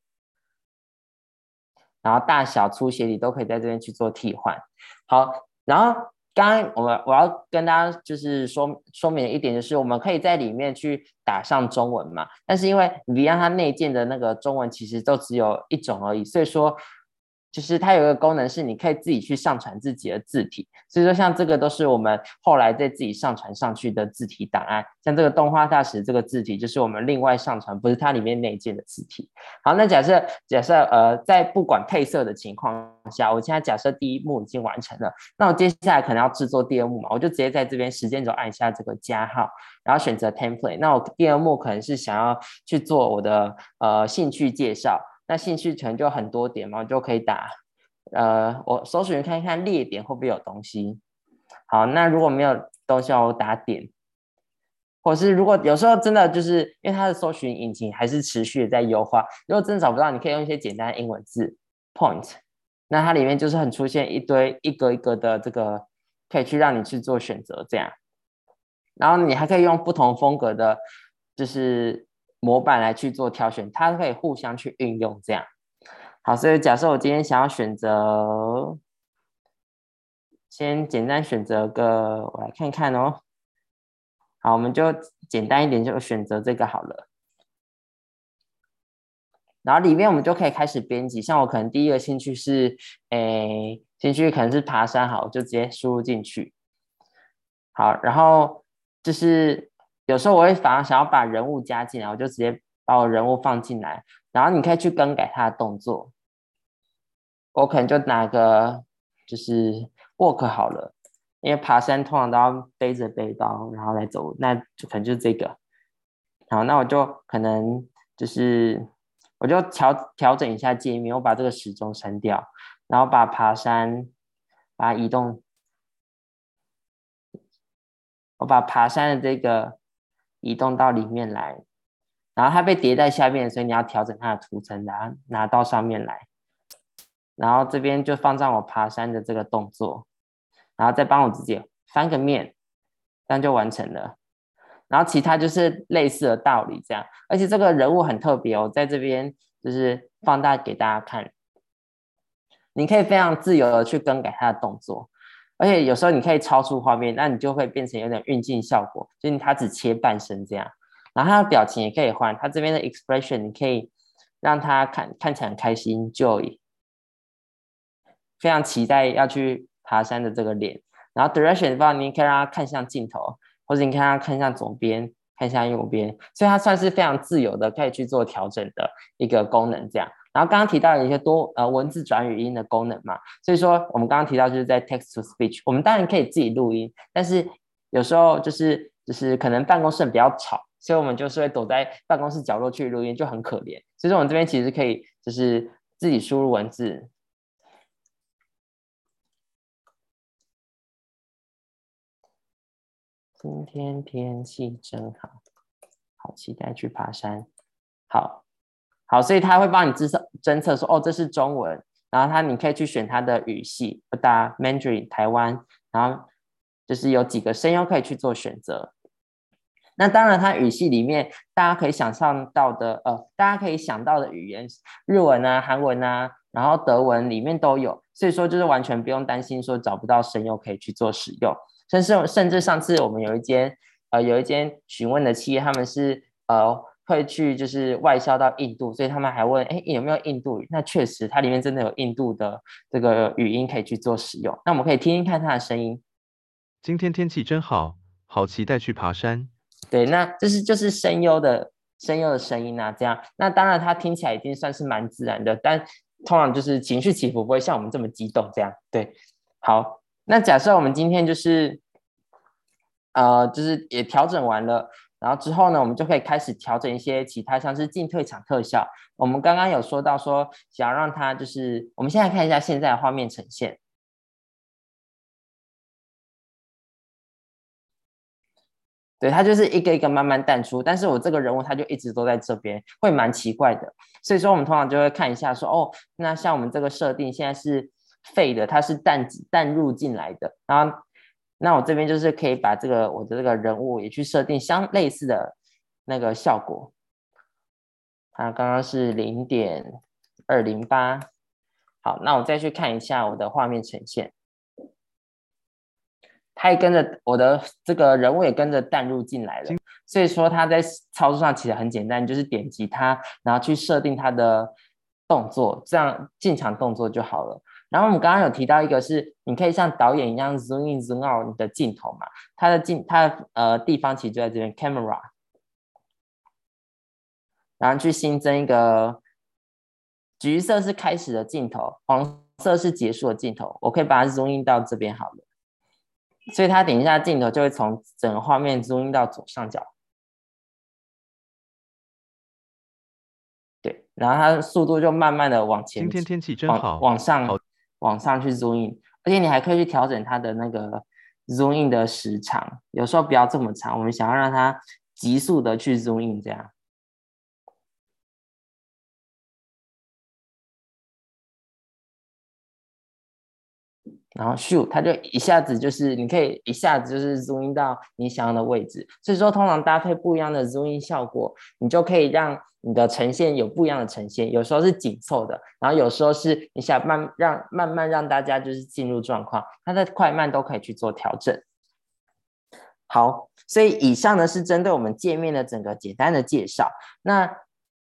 然後大小粗斜你都可以在這邊去做替換。好。然後，剛剛我們我要跟大家就是說，說明的一點就是，我們可以在裡面去打上中文嘛，但是因為你讓它內建的那個中文其實都只有一種而已，所以說。就是它有一個功能，是你可以自己去上傳自己的字體。所以說，像這個都是我們後來在自己上傳上去的字體檔案。像這個動畫大使這個字體，就是我們另外上傳，不是它裡面內建的字體。好，那假設假設呃，在不管配色的情況下，我現在假設第一幕已經完成了，那我接下來可能要制作第二幕嘛，我就直接在這邊時間軸按一下這個加號，然後選擇 template。那我第二幕可能是想要去做我的呃興趣介紹。那興趣層就很多點嘛，就可以打。呃，我搜尋看一看列點會不會有東西。好，那如果沒有東西，我打點。或是如果有時候真的就是因為它的搜尋引擎還是持續的在優化，如果真的找不到，你可以用一些簡單的英文字 point。那它裡面就是很出現一堆一格一格的這個，可以去讓你去做選擇這樣。然後你還可以用不同風格的，就是。模板來去做挑選，它可以互相去運用，這樣。好，所以假設我今天想要選擇，先簡單選擇個，我來看看哦。好，我們就簡單一點，就選擇這個好了。然後裡面我們就可以開始編輯，像我可能第一個興趣是，誒、欸，興趣可能是爬山，好，我就直接輸入進去。好，然後這、就是。有時候我會反而想要把人物加進來，我就直接把我人物放進來，然後你可以去更改他的動作。我可能就拿個就是 walk 好了，因為爬山通常都要背着背包，然後來走，那就可能就這個。好，那我就可能就是我就調調整一下界面，我把這個時鐘刪掉，然後把爬山把它移動，我把爬山的這個。移動到裡面來，然後它被疊在下面，所以你要調整它的圖層啊，拿拿到上面來。然後這邊就放上我爬山的這個動作，然後再幫我自己翻個面，這樣就完成了。然後其他就是類似的道理這樣，而且這個人物很特別哦，我在這邊就是放大給大家看，你可以非常自由的去更改它的動作。而且有時候你可以超出畫面，那你就會變成有點運鏡效果，就是它只切半身這樣。然後它的表情也可以換，它這邊的 expression 你可以讓它看看起來很開心，就非常期待要去爬山的這個臉。然後 direction 的話，你可以讓它看向鏡頭，或者你可以讓它看向左邊，看向右邊。所以它算是非常自由的，可以去做調整的一個功能這樣。然後剛剛提到有一些多呃文字轉語音的功能嘛，所以說我們剛剛提到就是在 text to speech，我們當然可以自己錄音，但是有時候就是就是可能辦公室很比較吵，所以我們就是會躲在辦公室角落去錄音就很可憐。所以說我們這邊其實可以就是自己輸入文字，今天天氣真好，好期待去爬山，好。好，所以他會幫你偵測，偵測說哦，這是中文。然後他你可以去選他的語系，不搭 Mandarin 台灣，然後就是有幾個聲優可以去做選擇。那當然，他語系裡面大家可以想象到的，呃，大家可以想到的語言，日文啊、韓文啊，然後德文裡面都有。所以說，就是完全不用擔心說找不到聲優可以去做使用。甚至甚至上次我們有一間呃有一間詢問的企業，他們是呃。會去就是外銷到印度，所以他們還問，哎，有沒有印度語？那確實，它裡面真的有印度的這個語音可以去做使用。那我們可以聽聽看它的聲音。今天天氣真好，好期待去爬山。對，那這、就是就是聲優的聲優的聲音啊，這樣。那當然，它聽起來已經算是蠻自然的，但通常就是情緒起伏不會像我們這麼激動這樣。對，好，那假設我們今天就是，呃，就是也調整完了。然後之後呢，我們就可以開始調整一些其他，像是進退場特效。我們剛剛有說到說，想要讓它就是，我們現在看一下現在的畫面呈現。對，它就是一個一個慢慢淡出，但是我這個人物它就一直都在這邊，會蠻奇怪的。所以說，我們通常就會看一下說，哦，那像我們這個設定現在是廢的，它是淡淡入進來的，然後。那我這邊就是可以把這個我的這個人物也去設定相類似的那個效果，它剛剛是零點二零八，好，那我再去看一下我的畫面呈現，它也跟着我的這個人物也跟着淡入進來了，所以說它在操作上其實很簡單，就是點擊它，然後去設定它的動作，這樣進場動作就好了。然後我們剛剛有提到一個，是你可以像導演一樣 zoom in zoom out 你的鏡頭嘛？它的鏡，它的呃地方其實就在這邊 camera。然後去新增一個，橘色是開始的鏡頭，黃色是結束的鏡頭。我可以把它 zoom in 到這邊好了，所以它點一下鏡頭就會從整個畫面 zoom in 到左上角。對，然後它的速度就慢慢的往前，今天天氣真好，往，往上。往上去 zoom in，而且你還可以去調整它的那個 zoom in 的時長，有時候不要這麼長，我們想要讓它急速的去 zoom in，這樣。然後咻它就一下子就是，你可以一下子就是 zoom 到你想要的位置。所以說，通常搭配不一樣的 zoom 效果，你就可以讓你的呈現有不一樣的呈現。有時候是緊湊的，然後有時候是你想慢讓慢慢讓大家就是進入狀況，它的快慢都可以去做調整。好，所以以上呢是針對我們界面的整個簡單的介紹。那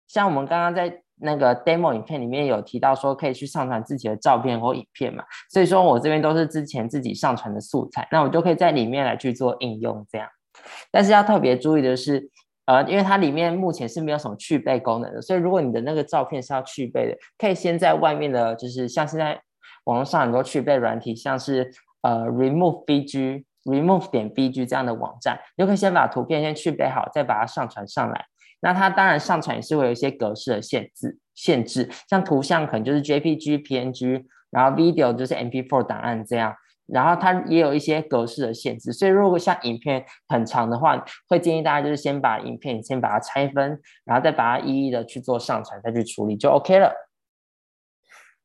像我們剛剛在那個 demo 影片裡面有提到說可以去上傳自己的照片或影片嘛，所以說我這邊都是之前自己上傳的素材，那我就可以在裡面來去做應用這樣。但是要特別注意的是，呃，因為它裡面目前是沒有什麼去背功能的，所以如果你的那個照片是要去背的，可以先在外面的，就是像現在網絡上很多去背軟體，像是呃 remove bg、remove 點 bg 這樣的網站，你就可以先把圖片先去背好，再把它上傳上來。那它當然上傳也是會有一些格式的限制，限制，像圖像可能就是 JPG、PNG，然後 video 就是 MP4 檔案這樣，然後它也有一些格式的限制，所以如果像影片很長的話，會建議大家就是先把影片先把它拆分，然後再把它一一的去做上傳，再去處理，就 OK 了。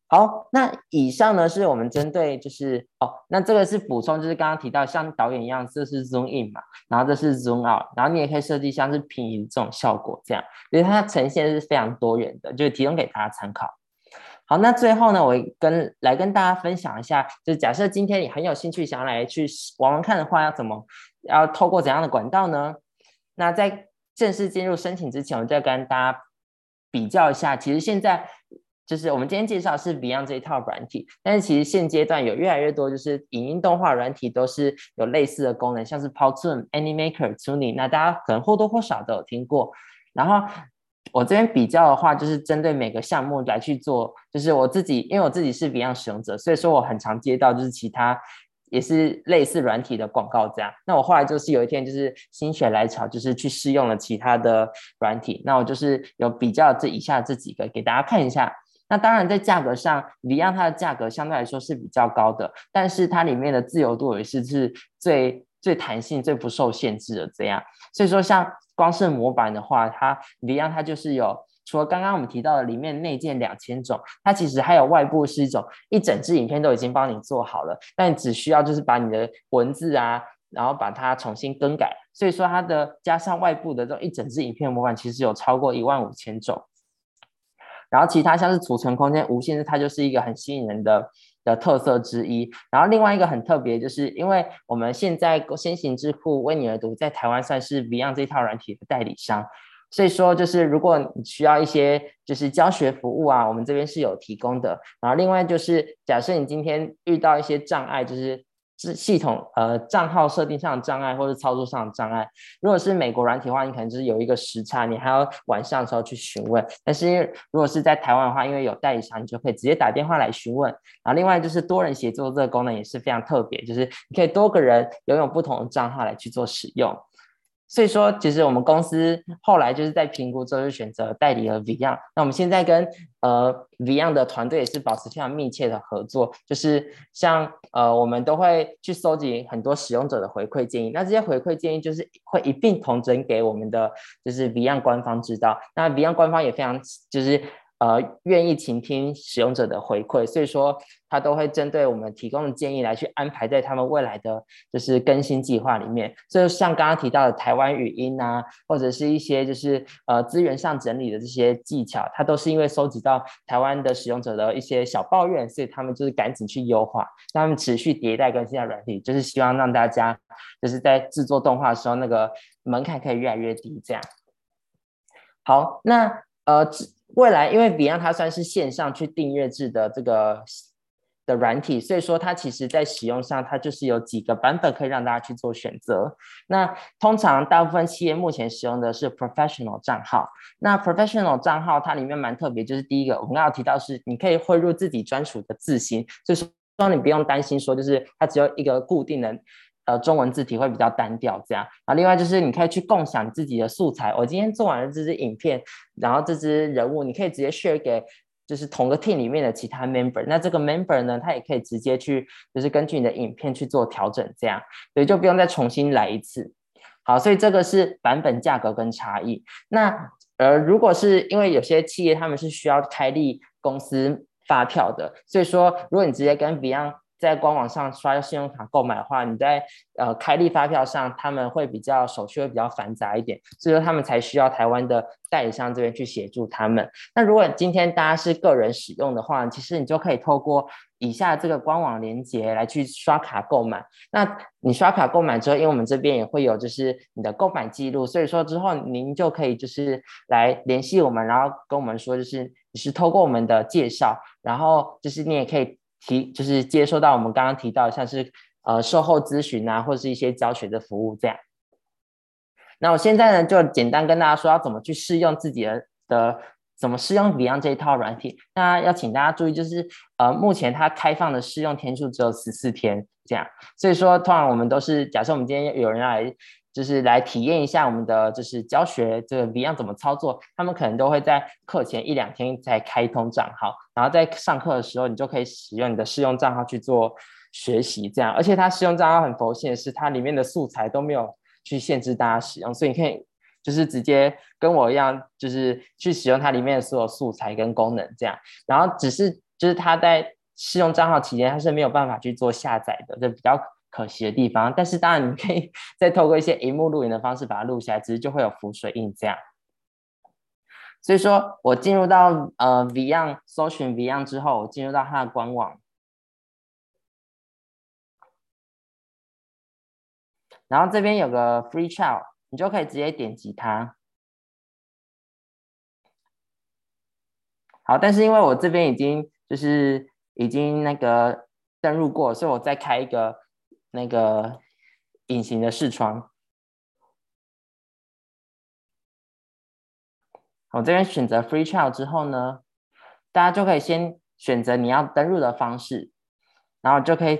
好，那以上呢，是我們針對就是哦，那這個是補充，就是剛剛提到像導演一樣，這是 zoom in 嘛，然後這是 zoom out，然後你也可以設計像是平移這種效果這樣，所以它呈現是非常多元的，就是提供給大家參考。好，那最後呢，我跟來跟大家分享一下，就是假設今天你很有興趣想要來去玩玩看的話，要怎麼要透過怎樣的管道呢？那在正式進入申請之前，我再跟大家比較一下，其實現在。就是我們今天介紹的是 Beyond 這一套軟體，但是其實現階段有越來越多，就是影音動畫軟體都是有類似的功能，像是 p u l t o o n Animaker、t o o n i 那大家可能或多或少都有聽過。然後我這邊比較的話，就是針對每個項目來去做，就是我自己，因為我自己是 Beyond 使用者，所以說我很常接到就是其他也是類似軟體的廣告這樣。那我後來就是有一天就是心血來潮，就是去試用了其他的軟體，那我就是有比較這以下這幾個給大家看一下。那當然，在價格上 Vyond 它的價格相對來說是比較高的，但是它裡面的自由度也是是最最彈性、最不受限制的這樣。所以說，像光是模板的話，它 Vyond 它就是有除了剛剛我們提到的裡面內建兩千種，它其實還有外部是一種一整支影片都已經幫你做好了，但你只需要就是把你的文字啊，然後把它重新更改。所以說，它的加上外部的這種一整支影片模板，其實有超過一萬五千種。然後其他像是儲存空間無限制，它就是一個很吸引人的的特色之一。然後另外一個很特別，就是因為我們現在先行智庫為你而讀在台灣算是 Beyond 這一套軟體的代理商，所以說就是如果你需要一些就是教學服務啊，我們這邊是有提供的。然後另外就是假設你今天遇到一些障礙，就是。是系統呃賬號設定上的障礙，或者操作上的障礙。如果是美國軟體的話，你可能就是有一個時差，你還要晚上的時候去詢問。但是如果是在台灣的話，因為有代理商，你就可以直接打電話來詢問。然後另外就是多人協作這個功能也是非常特別，就是你可以多個人擁有不同的賬號來去做使用。所以說，其實我們公司後來就是在評估之後，就選擇代理了 Vyond。那我們現在跟呃 Vyond 的團隊也是保持非常密切的合作，就是像呃我們都會去收集很多使用者的回饋建議。那這些回饋建議就是會一併統整給我們的，就是 Vyond 官方知道。那 Vyond 官方也非常就是。呃，願意傾聽使用者的回饋，所以說他都會針對我們提供的建議來去安排在他們未來的就是更新計劃裡面。就像剛剛提到的台灣語音啊，或者是一些就是呃資源上整理的這些技巧，它都是因為收集到台灣的使用者的一些小抱怨，所以他們就是趕緊去優化，讓他們持續迭代更新的軟體，就是希望讓大家就是在製作動畫的時候那個門檻可以越來越低，這樣。好，那呃。未來，因為 Beyond 它算是線上去訂閱制的這個的軟體，所以說它其實在使用上，它就是有幾個版本可以讓大家去做選擇。那通常大部分企業目前使用的是 Professional 賬號。那 Professional 賬號它裡面蠻特別，就是第一個我剛剛提到是，你可以匯入自己專屬的字型，就是說你不用擔心說就是它只有一個固定的。呃，中文字體會比較單調，這樣啊。另外就是你可以去共享自己的素材。我、哦、今天做完了這支影片，然後這支人物，你可以直接 share 給就是同個 team 裡面的其他 member。那這個 member 呢，他也可以直接去就是根據你的影片去做調整，這樣，所以就不用再重新來一次。好，所以這個是版本價格跟差異。那呃，如果是因為有些企業他們是需要開立公司發票的，所以說如果你直接跟 Beyond。在官網上刷信用卡購買的話，你在呃開立發票上，他們會比較手續會比較繁雜一點，所以說他們才需要台灣的代理商這邊去協助他們。那如果今天大家是個人使用的話，其實你就可以透過以下這個官網連接來去刷卡購買。那你刷卡購買之後，因為我們這邊也會有就是你的購買記錄，所以說之後您就可以就是來聯繫我們，然後跟我們說就是你是透過我們的介紹，然後就是你也可以。提就是接收到我們剛剛提到像是呃售後諮詢啊，或是一些教學的服務這樣。那我現在呢，就簡單跟大家說要怎麼去試用自己的的怎麼試用 Vyond 這一套軟體。那要請大家注意，就是呃目前它開放的試用天數只有十四天這樣。所以說，通常我們都是假設我們今天有人來。就是來體驗一下我們的就是教學這個 Vyond 怎麼操作，他們可能都會在課前一兩天才開通賬號，然後在上課的時候你就可以使用你的試用賬號去做學習，這樣，而且它試用賬號很佛系的是它裡面的素材都沒有去限制大家使用，所以你可以就是直接跟我一樣就是去使用它裡面的所有素材跟功能這樣，然後只是就是它在試用賬號期間它是沒有辦法去做下載的，就比較。可惜的地方，但是當然你可以再透過一些熒幕錄影的方式把它錄下來，其實就會有浮水印這樣。所以說我進入到呃 Vion 搜尋 Vion 之後，我進入到它的官網，然後這邊有個 Free Trial，你就可以直接點擊它。好，但是因為我這邊已經就是已經那個登入過，所以我再開一個。那個隱形的視窗。我這邊選擇 Free Trial 之後呢，大家就可以先選擇你要登入的方式，然後就可以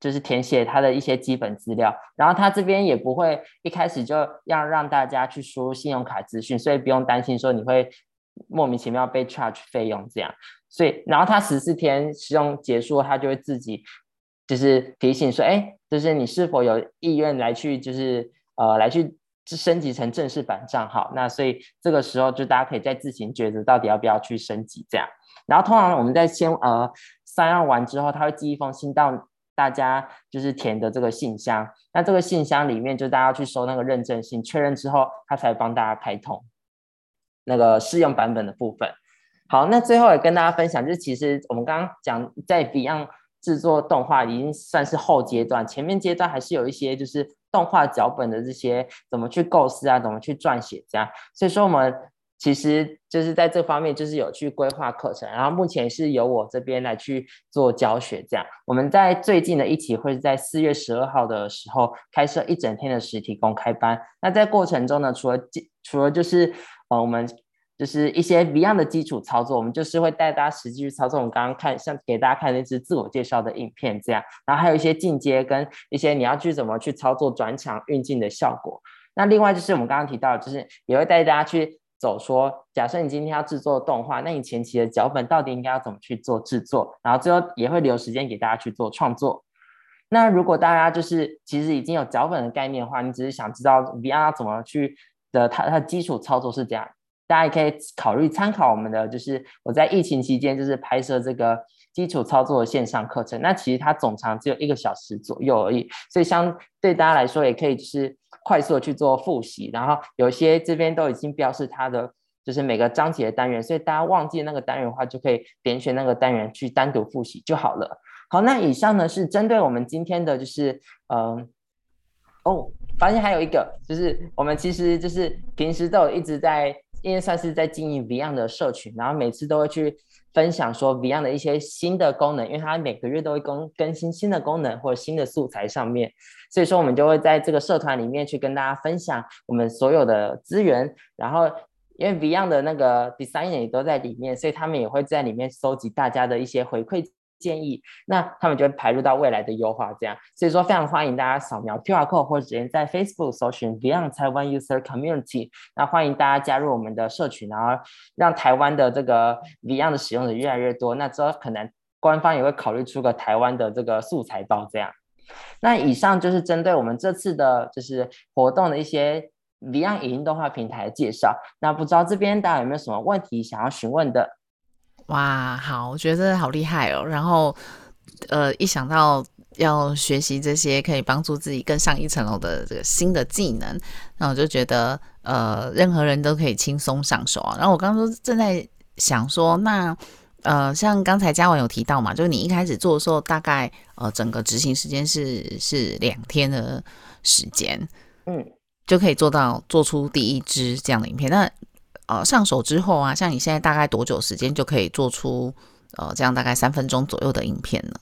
就是填寫它的一些基本資料，然後它這邊也不會一開始就要讓大家去輸入信用卡資訊，所以不用擔心說你會莫名其妙被 charge 費用這樣，所以然後他十四天使用結束，他就會自己。就是提醒說，哎，就是你是否有意願來去，就是呃，來去升級成正式版賬號。那所以這個時候，就大家可以再自行抉擇到底要不要去升級這樣。然後通常我們在先呃，三號完之後，他會寄一封信到大家就是填的這個信箱。那這個信箱裡面，就大家去收那個認證信，確認之後，他才幫大家開通那個試用版本的部分。好，那最後也跟大家分享，就是其實我們剛剛講在 Beyond。製作動畫已經算是後階段，前面階段還是有一些就是動畫腳本的這些怎麼去構思啊，怎麼去撰寫這樣。所以說我們其實就是在這方面就是有去規劃課程，然後目前是由我這邊來去做教學這樣。我們在最近的一期會在四月十二號的時候開設一整天的實體公開班，那在過程中呢，除了除了就是呃我們。就是一些一樣的基礎操作，我們就是會帶大家實際去操作。我們剛剛看，像給大家看那只自我介紹的影片這樣，然後還有一些進階跟一些你要去怎麼去操作轉場運鏡的效果。那另外就是我們剛剛提到，就是也會帶大家去走說，說假設你今天要制作動畫，那你前期的腳本到底應該要怎麼去做制作？然後最後也會留時間給大家去做創作。那如果大家就是其實已經有腳本的概念的話，你只是想知道 VR 怎麼去的，它它的基礎操作是這樣。大家也可以考慮參考我們的，就是我在疫情期間就是拍攝這個基礎操作的線上課程。那其實它總長只有一個小時左右而已，所以相對大家來說，也可以就是快速的去做複習。然後有些這邊都已經標示它的就是每個章節的單元，所以大家忘記那個單元的話，就可以點選那個單元去單獨複習就好了。好，那以上呢是針對我們今天的就是嗯哦，發現還有一個就是我們其實就是平時都有一直在。因為算是在經營 Vyond 的社群，然後每次都會去分享說 Vyond 的一些新的功能，因為它每個月都會更更新新的功能或者新的素材上面，所以說我們就會在這個社團裡面去跟大家分享我們所有的資源，然後因為 Vyond 的那個 designer 也都在裡面，所以他們也會在裡面收集大家的一些回饋，建議，那他們就會排入到未來的優化這樣。所以說，非常歡迎大家掃描 QR code 或者直接在 Facebook 搜尋 Vyond Taiwan User Community。那歡迎大家加入我們的社群，然後讓台灣的這個 Vyond 的使用者越來越多。那之後可能官方也會考慮出個台灣的這個素材包這樣。那以上就是針對我們這次的就是活動的一些 Vyond 影音動畫平台介紹。那不知道這邊大家有沒有什麼問題想要詢問的？哇，好！我覺得真的好厲害哦。然後，呃，一想到要學習這些可以幫助自己更上一層樓的這個新的技能，那我就覺得，呃，任何人都可以輕鬆上手啊。然後我剛剛正在想說，那呃，像剛才嘉文有提到嘛，就是你一開始做的時候，大概呃，整個執行時間是是兩天的時間，嗯，就可以做到做出第一支這樣的影片。那呃，上手之後啊，像你現在大概多久時間就可以做出呃這樣大概三分鐘左右的影片呢？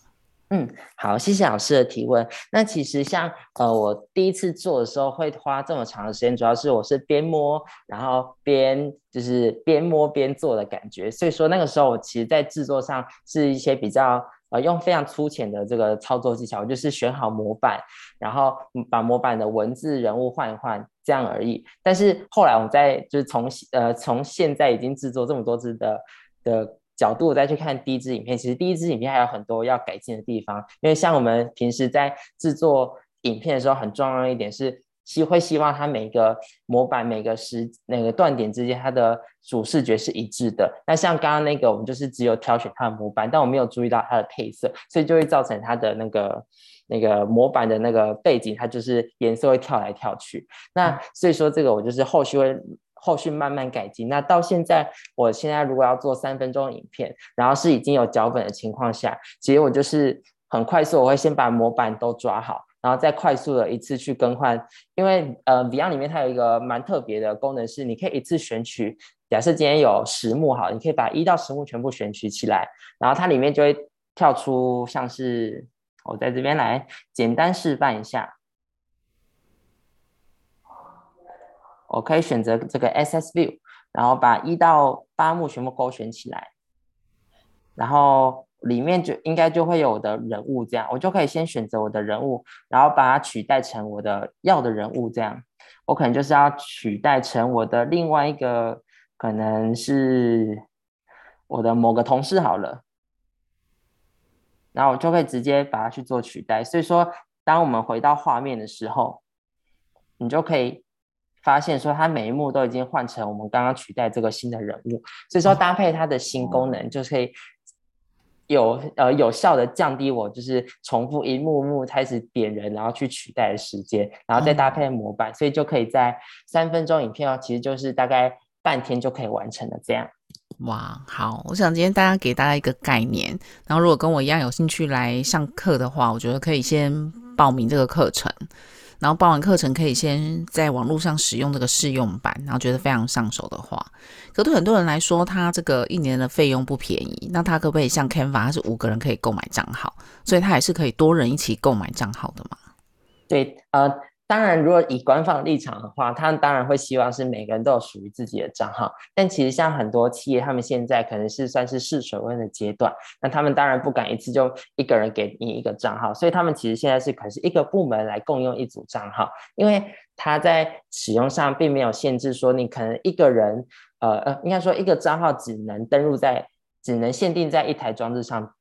嗯，好，謝謝老師的提問。那其實像呃，我第一次做的時候會花這麼長的時間，主要是我是邊摸，然後邊就是邊摸邊做的感覺。所以說那個時候我其實在製作上是一些比較。啊、呃，用非常粗淺的這個操作技巧，就是選好模板，然後把模板的文字、人物換一換，這樣而已。但是後來我們在，就是從呃從現在已經製作這麼多支的的角度再去看第一支影片，其實第一支影片還有很多要改進的地方。因為像我們平時在製作影片的時候，很重要的一點是。希會希望它每個模板、每個時那個斷點之間它的主視覺是一致的。那像剛剛那個，我們就是只有挑選它的模板，但我沒有注意到它的配色，所以就會造成它的那個那個模板的那個背景，它就是顏色會跳來跳去。那所以說這個我就是後續會後續慢慢改進。那到現在我現在如果要做三分鐘影片，然後是已經有腳本的情況下，其實我就是很快速，我會先把模板都抓好。然後再快速的一次去更換，因為呃 Vyond 裡面它有一個蠻特別的功能，是你可以一次選取。假設今天有十幕好，你可以把一到十幕全部選取起來，然後它裡面就會跳出，像是我在這邊來簡單示範一下。我可以選擇這個 SS View，然後把一到八幕全部勾選起來，然後。裡面就應該就會有我的人物，這樣我就可以先選擇我的人物，然後把它取代成我的要的人物，這樣我可能就是要取代成我的另外一個，可能是我的某個同事好了，然後我就可以直接把它去做取代。所以說，當我們回到畫面的時候，你就可以發現說，它每一幕都已經換成我們剛剛取代這個新的人物。所以說，搭配它的新功能就可以。有呃有效的降低我就是重複一幕幕開始點人，然後去取代的時間，然後再搭配模板，嗯。所以就可以在三分鐘影片哦，其實就是大概半天就可以完成了。這樣，哇，好，我想今天大家給大家一個概念，然後如果跟我一樣有興趣來上課的話，我覺得可以先報名這個課程。然後報完課程可以先在網絡上使用這個試用版，然後覺得非常上手的話，可對很多人來說，他這個一年的費用不便宜。那他可不可以像 Canva，他是五個人可以購買賬號，所以他也是可以多人一起購買賬號的嘛？對，呃。當然，如果以官方立場的話，他們當然會希望是每個人都有屬於自己的賬號。但其實像很多企業，他們現在可能是算是試水溫的階段，那他們當然不敢一次就一個人給你一個賬號，所以他們其實現在是可能是一個部門來共用一組賬號，因為它在使用上並沒有限制說你可能一個人，呃呃，應該說一個賬號只能登入在，只能限定在一台裝置上，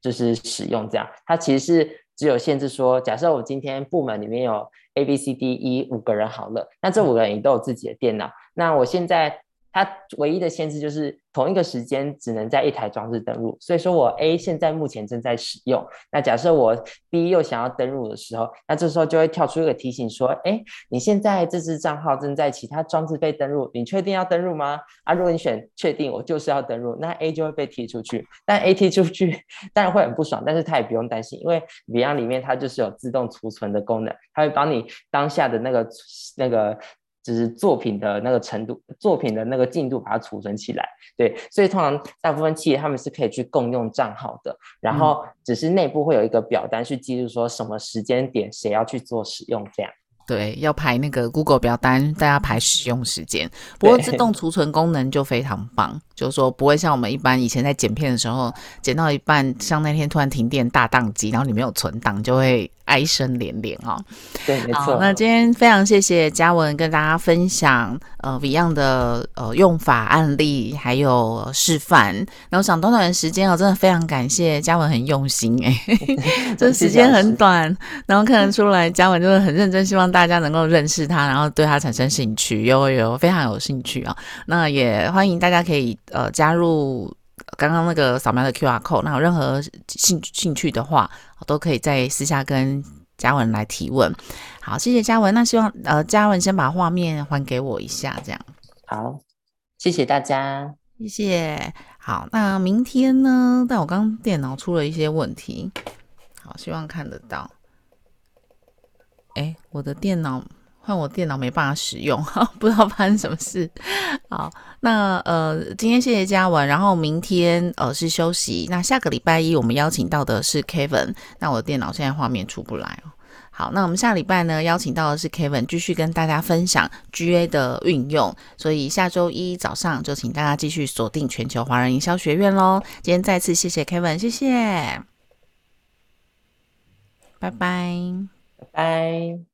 就是使用這樣。它其實是。只有限制說，假設我今天部門裡面有 A、B、C、D、E 五個人好了，那這五個人也都有自己的電腦，那我現在。它唯一的限制就是同一個時間只能在一台裝置登錄，所以說我 A 現在目前正在使用。那假設我 B 又想要登錄的時候，那這時候就會跳出一個提醒說：“哎、欸，你現在這支賬號正在其他裝置被登錄，你確定要登錄嗎？”啊，如果你選確定，我就是要登錄，那 A 就會被踢出去。但 A 踢出去當然會很不爽，但是他也不用擔心，因為 Beyond 裡面它就是有自動儲存的功能，它會幫你當下的那個那個。只是作品的那個程度，作品的那個進度，把它儲存起來。對，所以通常大部分企業他們是可以去共用賬號的。然後只是內部會有一個表單去記錄說什麼時間點誰要去做使用這樣。對，要排那個 Google 表單，大家排使用時間。不過自動儲存功能就非常棒，對就是說不會像我們一般以前在剪片的時候，剪到一半，像那天突然停電，大當機，然後你沒有存檔就會。哀聲連連哦，對，沒錯、啊。那今天非常謝謝嘉文跟大家分享呃，Vyond 的呃用法案例還有示範。然後想短短的時間哦，真的非常感謝嘉文，很用心哎、欸， 這時間很短，然後看得出來嘉、嗯、文真的很認真。希望大家能夠認識他，然後對他產生興趣，喲喲非常有興趣啊、哦。那也歡迎大家可以呃加入剛剛那個掃描的 QR code。那有任何興興趣的話。都可以在私下跟嘉文來提問。好，謝謝嘉文。那希望呃，嘉文先把畫面還給我一下，這樣。好，謝謝大家，謝謝。好，那明天呢？但我剛剛電腦出了一些問題。好，希望看得到。誒，我的電腦。換我電腦沒辦法使用，不知道發生什麼事。好，那呃，今天謝謝嘉文，然後明天呃是休息。那下個禮拜一我們邀請到的是 Kevin。那我的電腦現在畫面出不來哦。好，那我們下禮拜呢邀請到的是 Kevin，繼續跟大家分享 GA 的運用。所以下周一早上就請大家繼續鎖定全球華人營銷學院嘍。今天再次謝謝 Kevin，謝謝，拜拜，拜拜。